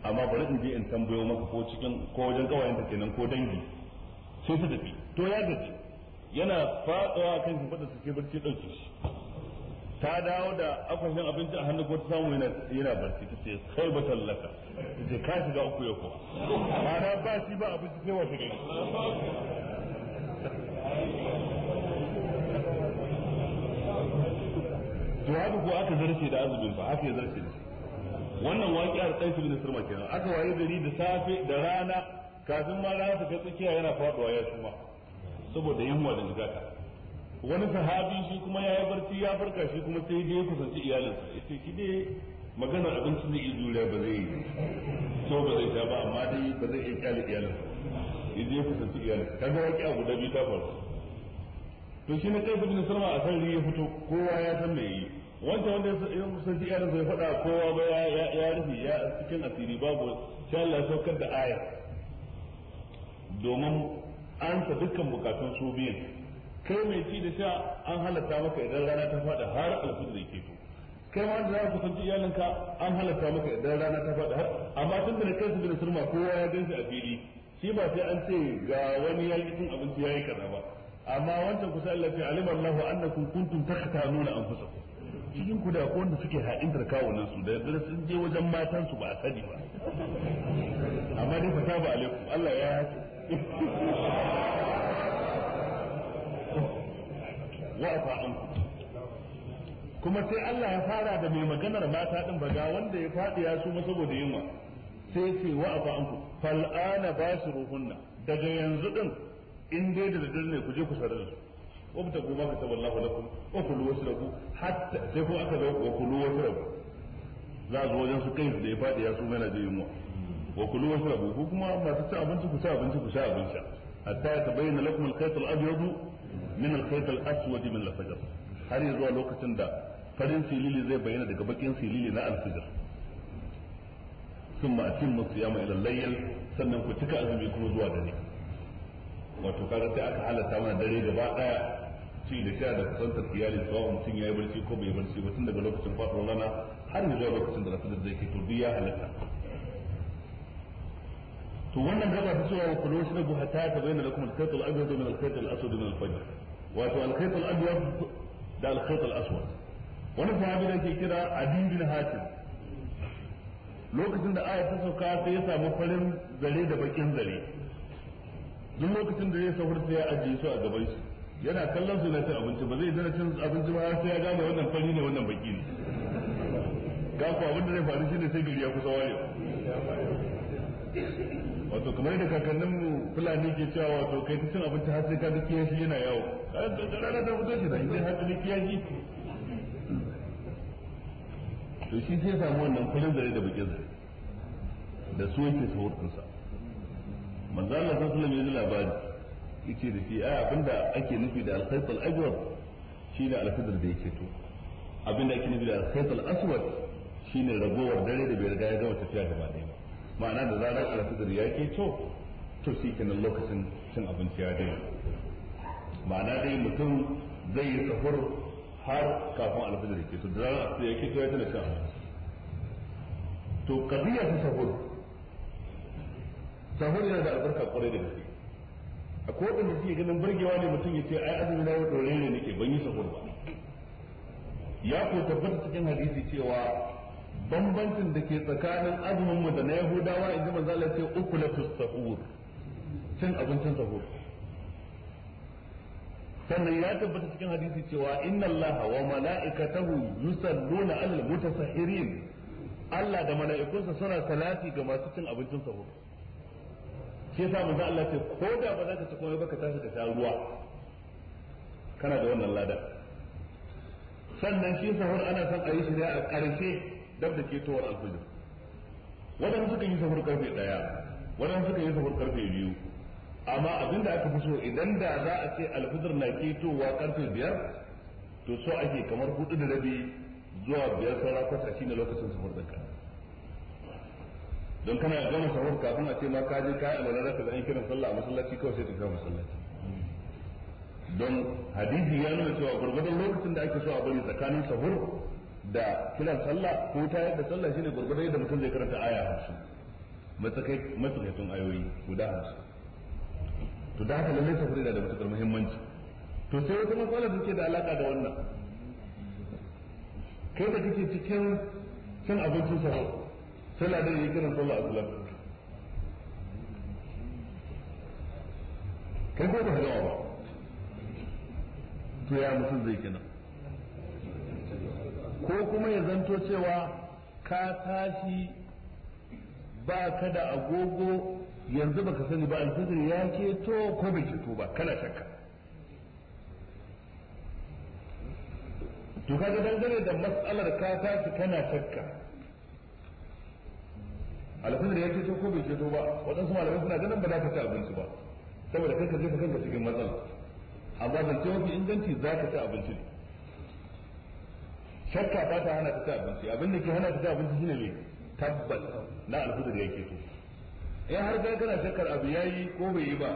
amma bari in je in tambayo maka ko cikin ko wajen ta kenan ko dangi sai ta tafi to ya gaji yana faɗawa kan shi fada suke barci dauke shi ta dawo da akwashin abinci a hannu ko ta samu yana yana barci ta ce kai ba tallaka ta ce ka shiga uku ya ko ba ba shi ba abinci sai wa shiga to haka ko aka zarce da azumin ba aka zarce da wannan waƙiyar bin sirma kenan aka waye gari da safe da rana kafin ma rana ta kai tsakiya yana faɗuwa ya suma saboda yunwa da nigata wani sahabi shi kuma ya yi barci ya farka shi kuma sai dai ya kusanci iyalinsa ya ce ki dai maganar abinci zai iya juriya ba zai yi ba zai sha ba amma dai ba zai iya kyale iyalinsa yaje ya kusanci iyalin kaga waki abu da ta faru to shi ne kai bin sarma a sarri ya fito kowa ya san me yi wancan wanda ya kusanci iyalin sai faɗa kowa ba ya rufe ya cikin asiri babu sha Allah saukar da aya domin an sa dukkan bukatun su biyan kai mai ci da sha an halatta maka idan rana ta faɗa har alfin da ke to kai ma da za ka kusanci iyalinka an halatta maka idan rana ta faɗa har amma tun da kai su bin sarma kowa ya gan a fili shi ba sai an ce ga wani ya yi cin abinci ya yi kaza ba amma wancan kusa Allah ce alim Allah annakum kuntum takhtanuna anfusakum cikin ku da wanda suke haɗintar kawunan su da yadda sun je wajen matan su ba a sani ba amma dai fata ba alaikum Allah ya wa afa ankum kuma sai Allah ya fara da mai maganar mata ɗin ba ga wanda ya faɗi ya su saboda yunwa sai ce wa an afa anku fal ana basiruhunna daga yanzu din in dai da daddare ne ku je ku sarar su wabtagu ma kataballahu lakum wa kulu wasrabu hatta sai ko aka zo wa kulu wasrabu za zo wajen su kai da ya fadi ya su mai na da yunwa wa kulu wasrabu ku kuma masu ci abinci ku ci abinci ku sha abinci hatta ya tabayyana lakum al-khayt al-abyad min al-khayt min al-fajr har yanzu lokacin da farin silili zai bayyana daga bakin silili na al ثم أتم الصيام إلى الليل sannan ku cika azumi kuma zuwa dare wato kaga sai aka halatta mana dare gaba daya ci da sha da kusantar iyali tsawon mutum ya yi barci ko bai barci ba tun daga lokacin faɗin rana har zuwa lokacin da rasulun zai ke to ya halatta to wannan gaba ta cewa ku lokaci na buhata ta bayyana lakum al-khayt al-abyad min al-khayt al-aswad min al-fajr wato al-khayt al-abyad da al-khayt al-aswad wani sahabi da ke kira adin bin hatim lokacin da aya ta sauka sai ya samu farin zare da bakin zare duk lokacin da zai sahur sai ya ajiye su a gaban shi yana kallon su na cin abinci ba zai zana cin abinci ba sai ya gane wannan fari ne wannan baki ne ga ku abin da zai faru shi ne sai gari ya kusa wayo. wato kamar da kakannin mu fulani ke cewa wato kai ta cin abinci har sai ka ga kiyashi yana yawo rana ta fito shi da har ta kiyashi to shi sai samu wannan kullun zare da bakin zare da su yake sahur ɗinsa manzo Allah sallallahu alaihi wasallam ya labari yace da shi a abinda ake nufi da al-khayt shi ajwad shine al-fajr da yake to abinda ake nufi da al-khayt shi aswad shine ragowar dare da bai riga ya gama tafiya da bane ba ma'ana da zarar al-fajr ya ke to to shi kenan lokacin cin abinci ya dai ma'ana dai mutum zai yi sahur har kafin alfajar yake to da zaran alfajir yake to ya tana sha to qadiya ta sahur sahur yana da albarka kwarai da gaske a kodin da suke ganin burgewa ne mutum ya ce ai azumi na dore ne nake ban yi sahur ba ya ko tabbata cikin hadisi cewa bambancin da ke tsakanin azumin mu da na yahudawa in ji manzo ce sai ukulatus sahur cin abincin sahur sannan ya tabbata cikin hadisi cewa inna allaha wa mala'ikatahu yusalluna 'alal mutasahhirin Allah da mala'ikunsa suna salati ga masu cin abincin sahur shi yasa manzo Allah ce ko da ba za ka ci komai ba ka tashi ka sha ruwa kana da wannan lada sannan shi sahur ana son a yi shi ne a ƙarshe dab da ketowar alfijir wadanda suka yi sahur karfe daya wadanda suka yi sahur karfe biyu amma abin da aka fi so idan da za a ce alfijir na ketowa karfe biyar to so ake kamar hudu da rabi zuwa biyar saura kwata shi ne lokacin samar da kan don kana gama sahur kafin a ce ma ka je kayan alwala ka zan kiran sallah a masallaci kawai sai ka gama masallaci don hadisi ya nuna cewa gurgurdan lokacin da ake so a bari tsakanin sahur da kiran sallah ko ta yadda sallah shine gurgurdan yadda mutum zai karanta aya 50 matsakaitun ayoyi guda 50 to da haka lallai safari da matukar muhimmanci to sai wata matsala da ke da alaka da wannan kai da kake cikin cin abincin sahur sai ladan yi kiran sallah a sulam kai ko ba halawa ba to ya mutum zai kenan ko kuma ya zanto cewa ka tashi ba ka da agogo yanzu baka sani ba alfijir ya to ko bai to ba kana shakka to kaga dangane da matsalar ka tashi kana shakka alfijir ya to ko bai to ba waɗansu malamai suna ganin ba za ka ci abinci ba saboda kai ka ka kanka cikin matsala amma zance mafi inganci za ka ci abinci shakka ba ta hana ta ci abinci abin da ke hana ta ci abinci shine ne tabbal na alhudur yake to eh har ga kana shakkar abu yayi ko bai yi ba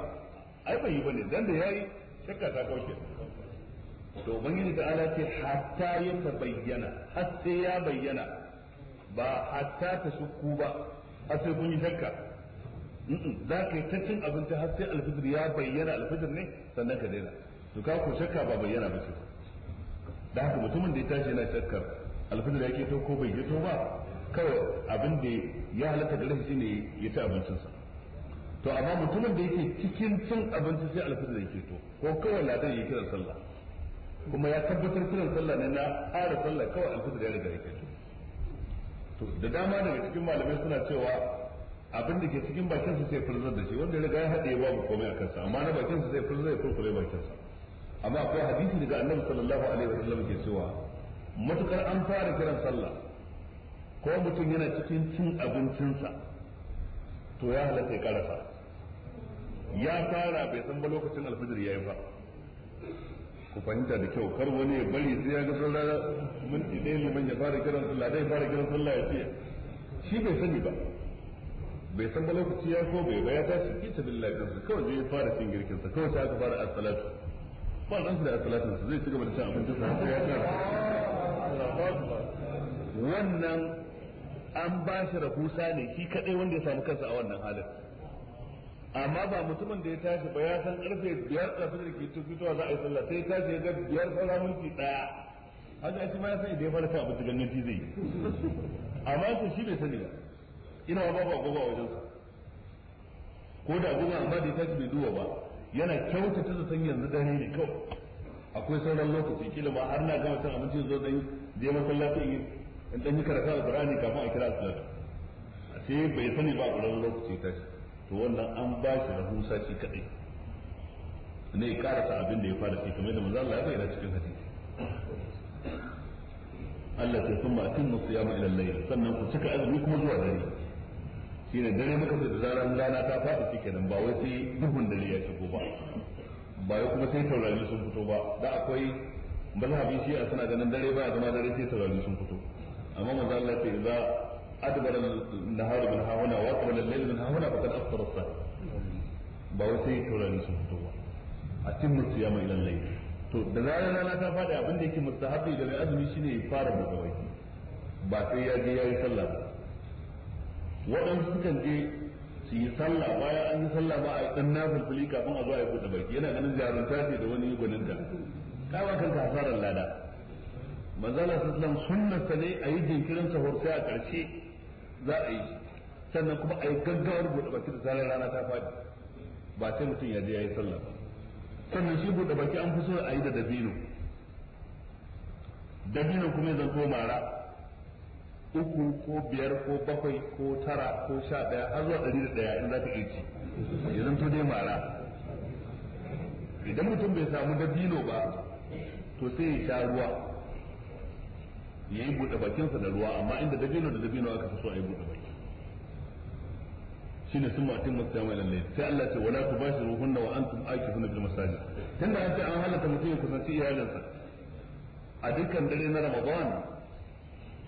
ai bai yi bane dan da yayi shakka ta kauce to bangin da ala ce hatta ya tabayyana har sai ya bayyana ba hatta ta shukku ba har sai kun yi shakka za ka yi ta cin abinci har sai alfijir ya bayyana alfijir ne sannan ka daina to ka ku shakka ba bayyana ba ce da haka mutumin da ya tashi yana shakkar alfijir ya ke to ko bai to ba kawai abin da ya halatta da shi ne ya ci abincinsa to amma mutumin da yake cikin cin abinci sai da yake to ko kawai ladan yake kiran sallah kuma ya tabbatar kiran sallah ne na fara sallah kawai alfajir ya riga yake to to da dama daga cikin malamai suna cewa abin da ke cikin bakin sa sai furzar da shi wanda riga ya hade babu komai a kansa amma na bakin sa sai furzar ya furkure bakin sa amma akwai hadisi daga annabi sallallahu alaihi wasallam ke cewa matukar an fara kiran sallah ko mutum yana cikin cin abincinsa to ya halatta ya karasa ya fara bai san ba lokacin alfijir ya yi ba ku fahimta da kyau kar wani ya bari sai ya ga sallah minti ɗaya liman ya fara kiran sallah dai fara kiran sallah ya ce shi bai sani ba bai san ba lokaci ya ko bai ba ya tashi kita billahi kansa kawai zai fara cin girkin sa kawai aka fara asalatu, ba ba dan da as zai ci gaba da cin abincin sai ya tsara wannan an ba shi rahusa ne shi kadai wanda ya samu kansa a wannan halin amma ba mutumin da ya tashi ba ya san karfe biyar kafin da ke fitowa za a yi sallah sai ya tashi ya ga biyar saura minti daya haka ya ci ma ya san idan ya fara sa abinci ganganci zai yi amma to shi bai sani ba ina ba ba ba wajen sa ko da gobe amma da ya tashi bai duba ba yana kyautata zaton yanzu dare ne kawai akwai sauran lokaci kila ba har na gama cin abinci zo zai je masallaci in dan yi karatu alqur'ani kafin a kira asibiti a ce bai sani ba a ƙwararren lokaci ta shi to wannan an ba shi da rahusa shi kadai ne ya karasa abin da ya fara shi kamar da manzo Allah ya bayyana cikin hadisi Allah ta kuma atin musu ya ila layl sannan ku cika azumi kuma zuwa dare shine dare muka da zaran rana ta fada shi kenan ba wai sai duhun dare ya shigo ba ba ya kuma sai taurari sun fito ba da akwai mazhabin shi a suna ganin dare ba ya zama dare sai taurari sun fito amma manzo Allah ce idza adbara an-nahar min hauna wa aqbala al-layl min hauna faqad afṭara as-sahih ba wai sai taurari sun fito ba a timmu siyama ila al-layl to da zarar na ta fada abin da yake mustahabi da mai azumi shine ya fara buɗe ba sai ya je yayi sallah ba waɗansu sukan je su yi sallah bayan an yi sallah ba a yi ɗan nafil kafin a zo a yi buɗe baki yana ganin jarumta ce da wani gwanin da kawo kanka hasarar lada manzala sallam sunnarsa ne a yi jinkirin sahur sai a ƙarshe za a yi sannan kuma a yi gaggawar buɗe baki da zarar rana ta faɗi ba sai mutum ya je ya yi sallah sannan shi buɗe baki an fi so a yi da dabino dabino kuma ya zanto mara uku ko biyar ko bakwai ko tara ko sha ɗaya har zuwa ɗari da ɗaya in za ka iya ci ya zanto dai mara idan mutum bai samu dabino ba to sai ya sha ruwa ya yi buɗe bakinsa da ruwa amma inda dabino da dabino aka fi so a yi buɗe baki shine sun matin musu yamma lalle sai Allah ce wala ku bashi ruhunna wa antum akifuna bil masajid tunda an ce an halatta mutum ya kusanci iyalinsa a dukkan dare na Ramadan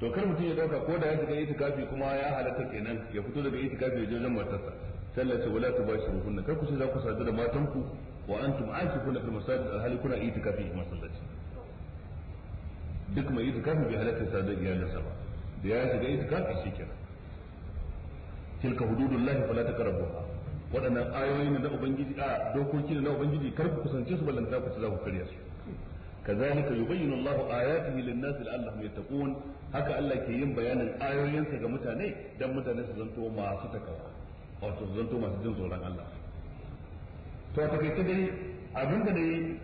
to kar mutum ya dauka ko da ya shiga itikafi kuma ya halatta kenan ya fito daga itikafi ya je wajen matarsa sai Allah ce wala ku bashi da kar ku ce za ku sadu da matanku wa antum akifuna bil masajid alhali kuna itikafi masallaci duk mai itikafi bai halatta sa da iyalinsa ba da ya shiga itikafi shikenan tilka hududullahi fala taqrabuha waɗannan ayoyi ne na ubangiji a dokoki ne na ubangiji kar ku kusance su ballanta ku za ku karya su kazalika yubayyinu Allahu ayatihi lin-nasi la'allahum yattaqun haka Allah ke yin bayanin ayoyinsa ga mutane dan mutane su zanto masu takawa wato su zanto masu jin tsoron Allah to a takaice dai abinda dai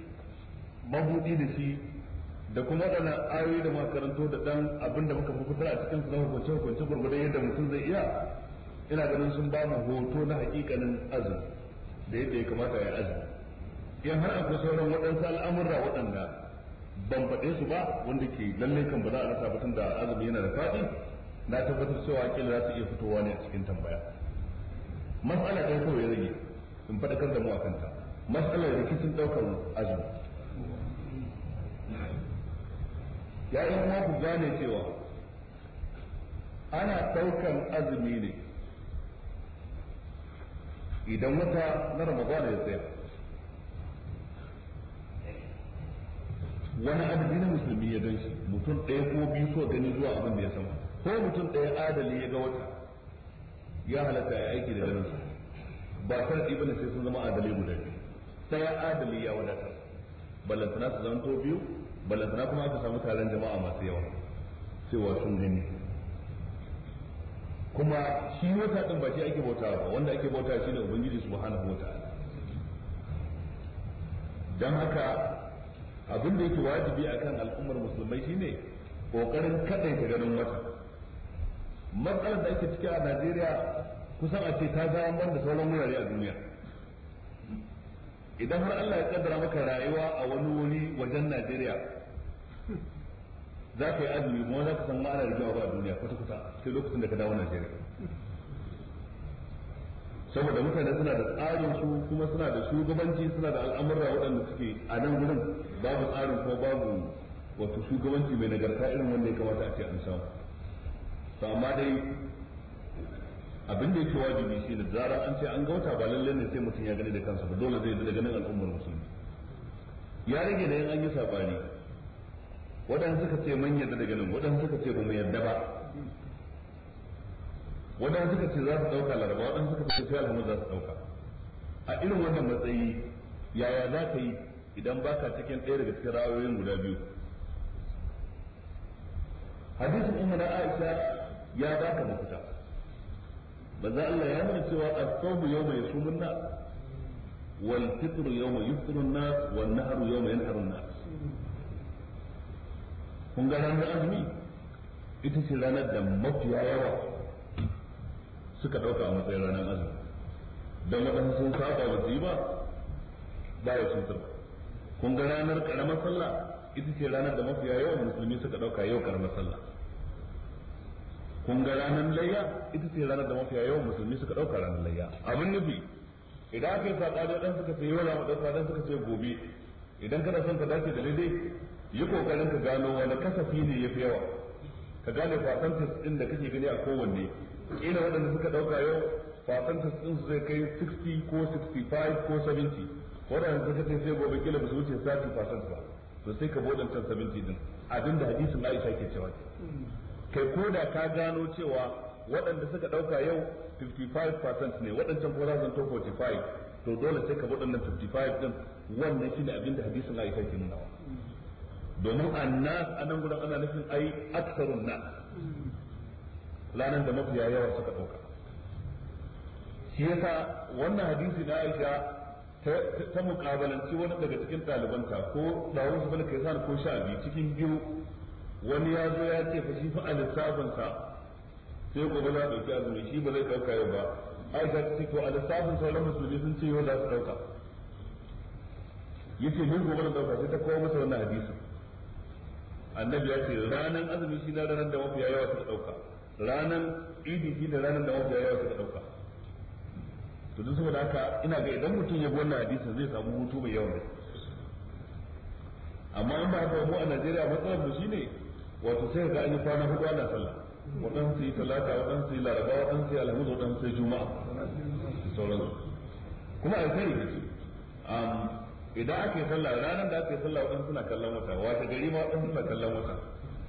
mabudi da shi da kuma waɗannan ayoyi da muka karanto da dan abin da muka fukutar a cikin sunan hukunce hukunce gurgurdan yadda mutum zai iya ina ganin sun ba mu hoto na hakikanin azumi da yadda ya kamata ya azumi yan har akwai sauran waɗansu al'amurra waɗanda ban faɗe su ba wanda ke lalle kan ba za a rasa batun da azumi yana da faɗi na tabbatar cewa kila za su iya fitowa ne a cikin tambaya mas'ala ɗaya kawai ya rage in faɗakar da mu a kanta mas'alar rikicin ɗaukar azumi ya yi kuma ku gane cewa ana ɗaukan azumi ne idan wata na ramadana ya tsaya wani adadi na musulmi ya gan shi mutum ɗaya ko biyu ko gani zuwa abin da ya sama ko mutum ɗaya adali ya ga wata ya halatta ya aiki da ganin ba sharɗi ba sai sun zama adalai guda biyu sai ya adali ya wadata ballantana su to biyu balantana kuma aka samu taron jama'a masu yawa cewa sun gani kuma shi wata ɗin ba shi ake bauta ba wanda ake bauta shine ubangiji su subhanahu bauta don haka abinda yake wajibi a kan al'ummar musulmai shine ƙoƙarin kaɗaita ganin wata matsalar da ake ciki a Najeriya kusan a ce ta zama da sauran wurare a duniya idan har Allah ya kaddara maka rayuwa a wani wuri wajen Najeriya za ka yi azumi kuma za ka san ma'anar rijawa ba a duniya kwata kwata sai lokacin da ka dawo Najeriya saboda mutane suna da tsarin su kuma suna da shugabanci suna da al'amurra waɗanda suke a nan gudun babu tsarin ko babu wato shugabanci mai nagarta irin wanda ya kamata a ce an samu to amma dai abin da yake wajibi shi da zara an ce an ga wata ba lalle ne sai mutum ya gani da kansa ba dole zai da ganin al'ummar musulmi ya rage da yin an yi sabani wadanda suka ce man yarda da ganin wadanda suka ce ba mu yarda ba wadanda suka ce za su ɗauka laraba wadanda suka ce sai alhamdu za su ɗauka a irin wannan matsayi yaya za ka yi idan baka cikin ɗaya daga cikin ra'ayoyin guda biyu hadisin umma na aisha ya baka mafita za Allah ya nuna cewa as-sawmu yawma yasumun nas wal fitr yawma yufṭirun nas wan yau mai yanharun nas kun ga ranar azumi ita ce ranar da mafiya yawa suka dauka a matsayin ranar azumi don waɗansu sun saba ba su yi ba ba ya sun sirba kun ga ranar ƙaramar sallah ita ce ranar da mafiya yawa musulmi suka dauka yau ƙaramar sallah kun ga ranar layya ita ce ranar da mafiya yawan musulmi suka ɗauka ranar layya abin nufi idan aka yi saƙa da ɗan suka ce yau ramu ɗan ɗan suka ce gobe idan kana son ka dace da daidai yi ƙoƙarin ka gano wani kasafi ne ya fi yawa ka gane fasantis ɗin da kake gani a kowanne ina waɗanda suka ɗauka yau fasantis ɗin su zai kai 60 ko 65 ko 70 waɗanda suka ce sai gobe kila ba su wuce 30 fasantis ba to sai ka can 70 din. abinda hadisin Aisha ke cewa kai ko da ka gano cewa waɗanda suka ɗauka yau 55% ne waɗancan ko za to 45 to dole sai ka waɗannan 55 din wannan shine abin da hadisin ayi ke nuna domin annas anan gudan ana nufin ai aksarun na ranar da mafiya yawa suka ɗauka shi yasa wannan hadisi na Aisha ta mukabalanci wani daga cikin ɗalibanta ko ɗawon su bane sa ko sha biyu cikin biyu wani ya zo ya ce fa shi fa a lissafinsa sai gobe za a ɗauki azumi shi ba zai ɗauka yau ba aisha ga ce to a lissafin sauran musulmi sun ce yau za su ɗauka yace min gobe da ɗauka sai ta kawo masa wannan hadisi annabi ya ce ranan azumi shi na ranar da mafiya yawa suka ɗauka ranan idi shi da ranar da mafiya yawa suka ɗauka to duk saboda haka ina ga idan mutum ya bi wannan hadisi zai samu hutu mai yawa amma in ba haka mu a Najeriya matsalar mu shine wato sai ga an yi kwana hudu ana sallah waɗansu yi talata waɗansu yi laraba waɗansu yi alhamis waɗansu yi juma'a sauransu kuma alkhairi ne su um, idan ake sallah ranar da ake sallah waɗansu suna kallon wata wata gari ma waɗansu suna kallon wata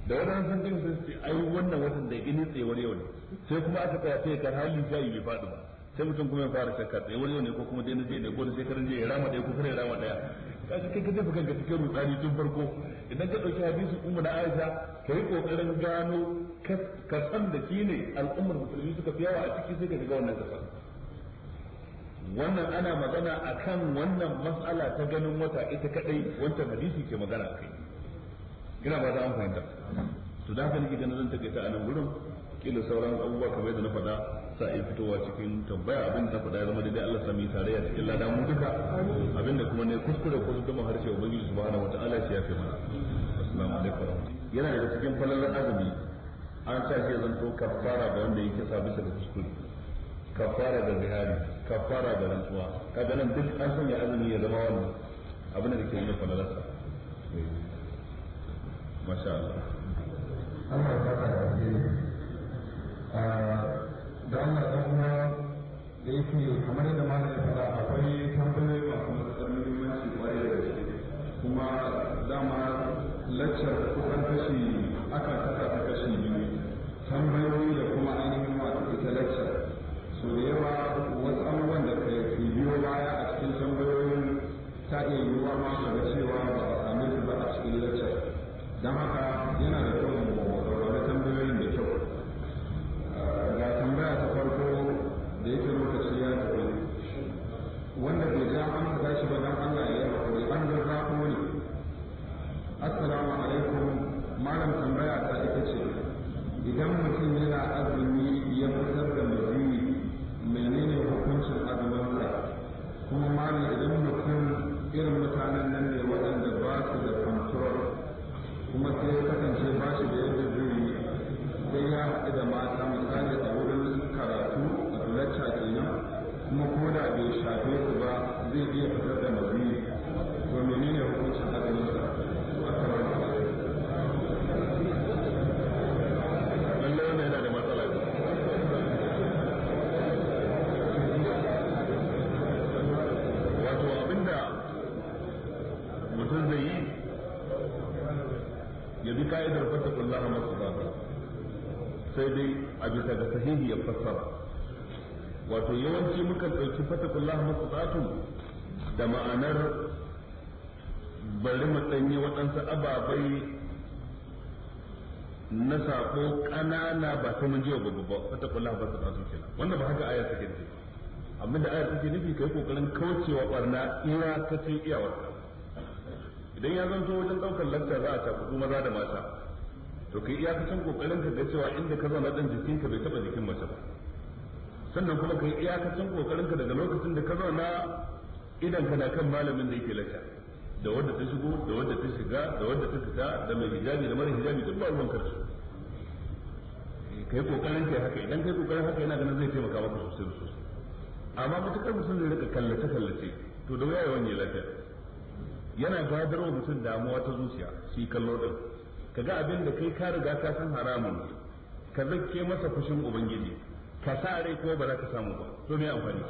da waɗansu sun dinga sun ce ai wannan watan da gini tsewar yau ne sai kuma aka tsaya sai kar hali jayi bai faɗi ba sai mutum kuma ya fara shakka tsaye wani yau ne ko kuma dai na je ne ko da shekaran je ya rama ɗaya ko kuma ya rama ɗaya kaji kai ka jefa kanka cikin rutsani tun farko idan ka ɗauki hadisin umma da aisha ka yi ƙoƙarin gano ka san da shi ne al'ummar musulmi suka fi yawa a ciki sai ka shiga wannan kasar wannan ana magana a kan wannan mas'ala ta ganin wata ita kadai wancan hadisi ke magana kai ina ba za an fahimta su da haka nake ganin zan take ta a nan gurin kila sauran abubuwa kamar yadda na faɗa sa iya fitowa cikin tambaya abin da faɗa ya zama daidai Allah sami tarayya cikin lada mu duka abin da kuma ne kuskure ko duma harshe ubangiji subhanahu wataala shi ya fi mana assalamu alaikum yana daga cikin falalar azumi an sa shi to kafara ga wanda yake sa bisa da kuskure kafara da zihari kafara da rantsuwa kaga nan duk an sanya azumi ya zama wannan abin da ke nuna falalarsa masha Allah Allah ya na sako kanana ba ta mun jiwa babu ba fata kula ba ta tasu kenan wanda ba haka ayar take nufi amma da ayar take nufi kai kokarin kaucewa barna ira ta cin iyawarsa idan ya zanto wajen daukar lakta za a tafi maza da mata to kai iya kacin kokarin ka ga cewa inda ka zauna dan jikinka bai taba jikin mace ba sannan kuma kai iya kacin kokarin ka daga lokacin da ka zauna idan kana kan malamin da yake lakta da wanda ta shigo da wanda ta shiga da wanda ta fita da mai hijabi da mara hijabi duk ba ruwan karsu eh, kai kokarin kai haka idan kai kokarin haka yana ganin zai taimaka maka sosai sosai amma mutukar mutum zai rika kallace kallace to da wayewa wani lafiya yana gadar wa mutum damuwa ta zuciya shi kallo din kaga abin da kai ka riga ka san haramun ka zakke masa fushin ubangiji ka sa rai ko ba za ka samu ba to me amfani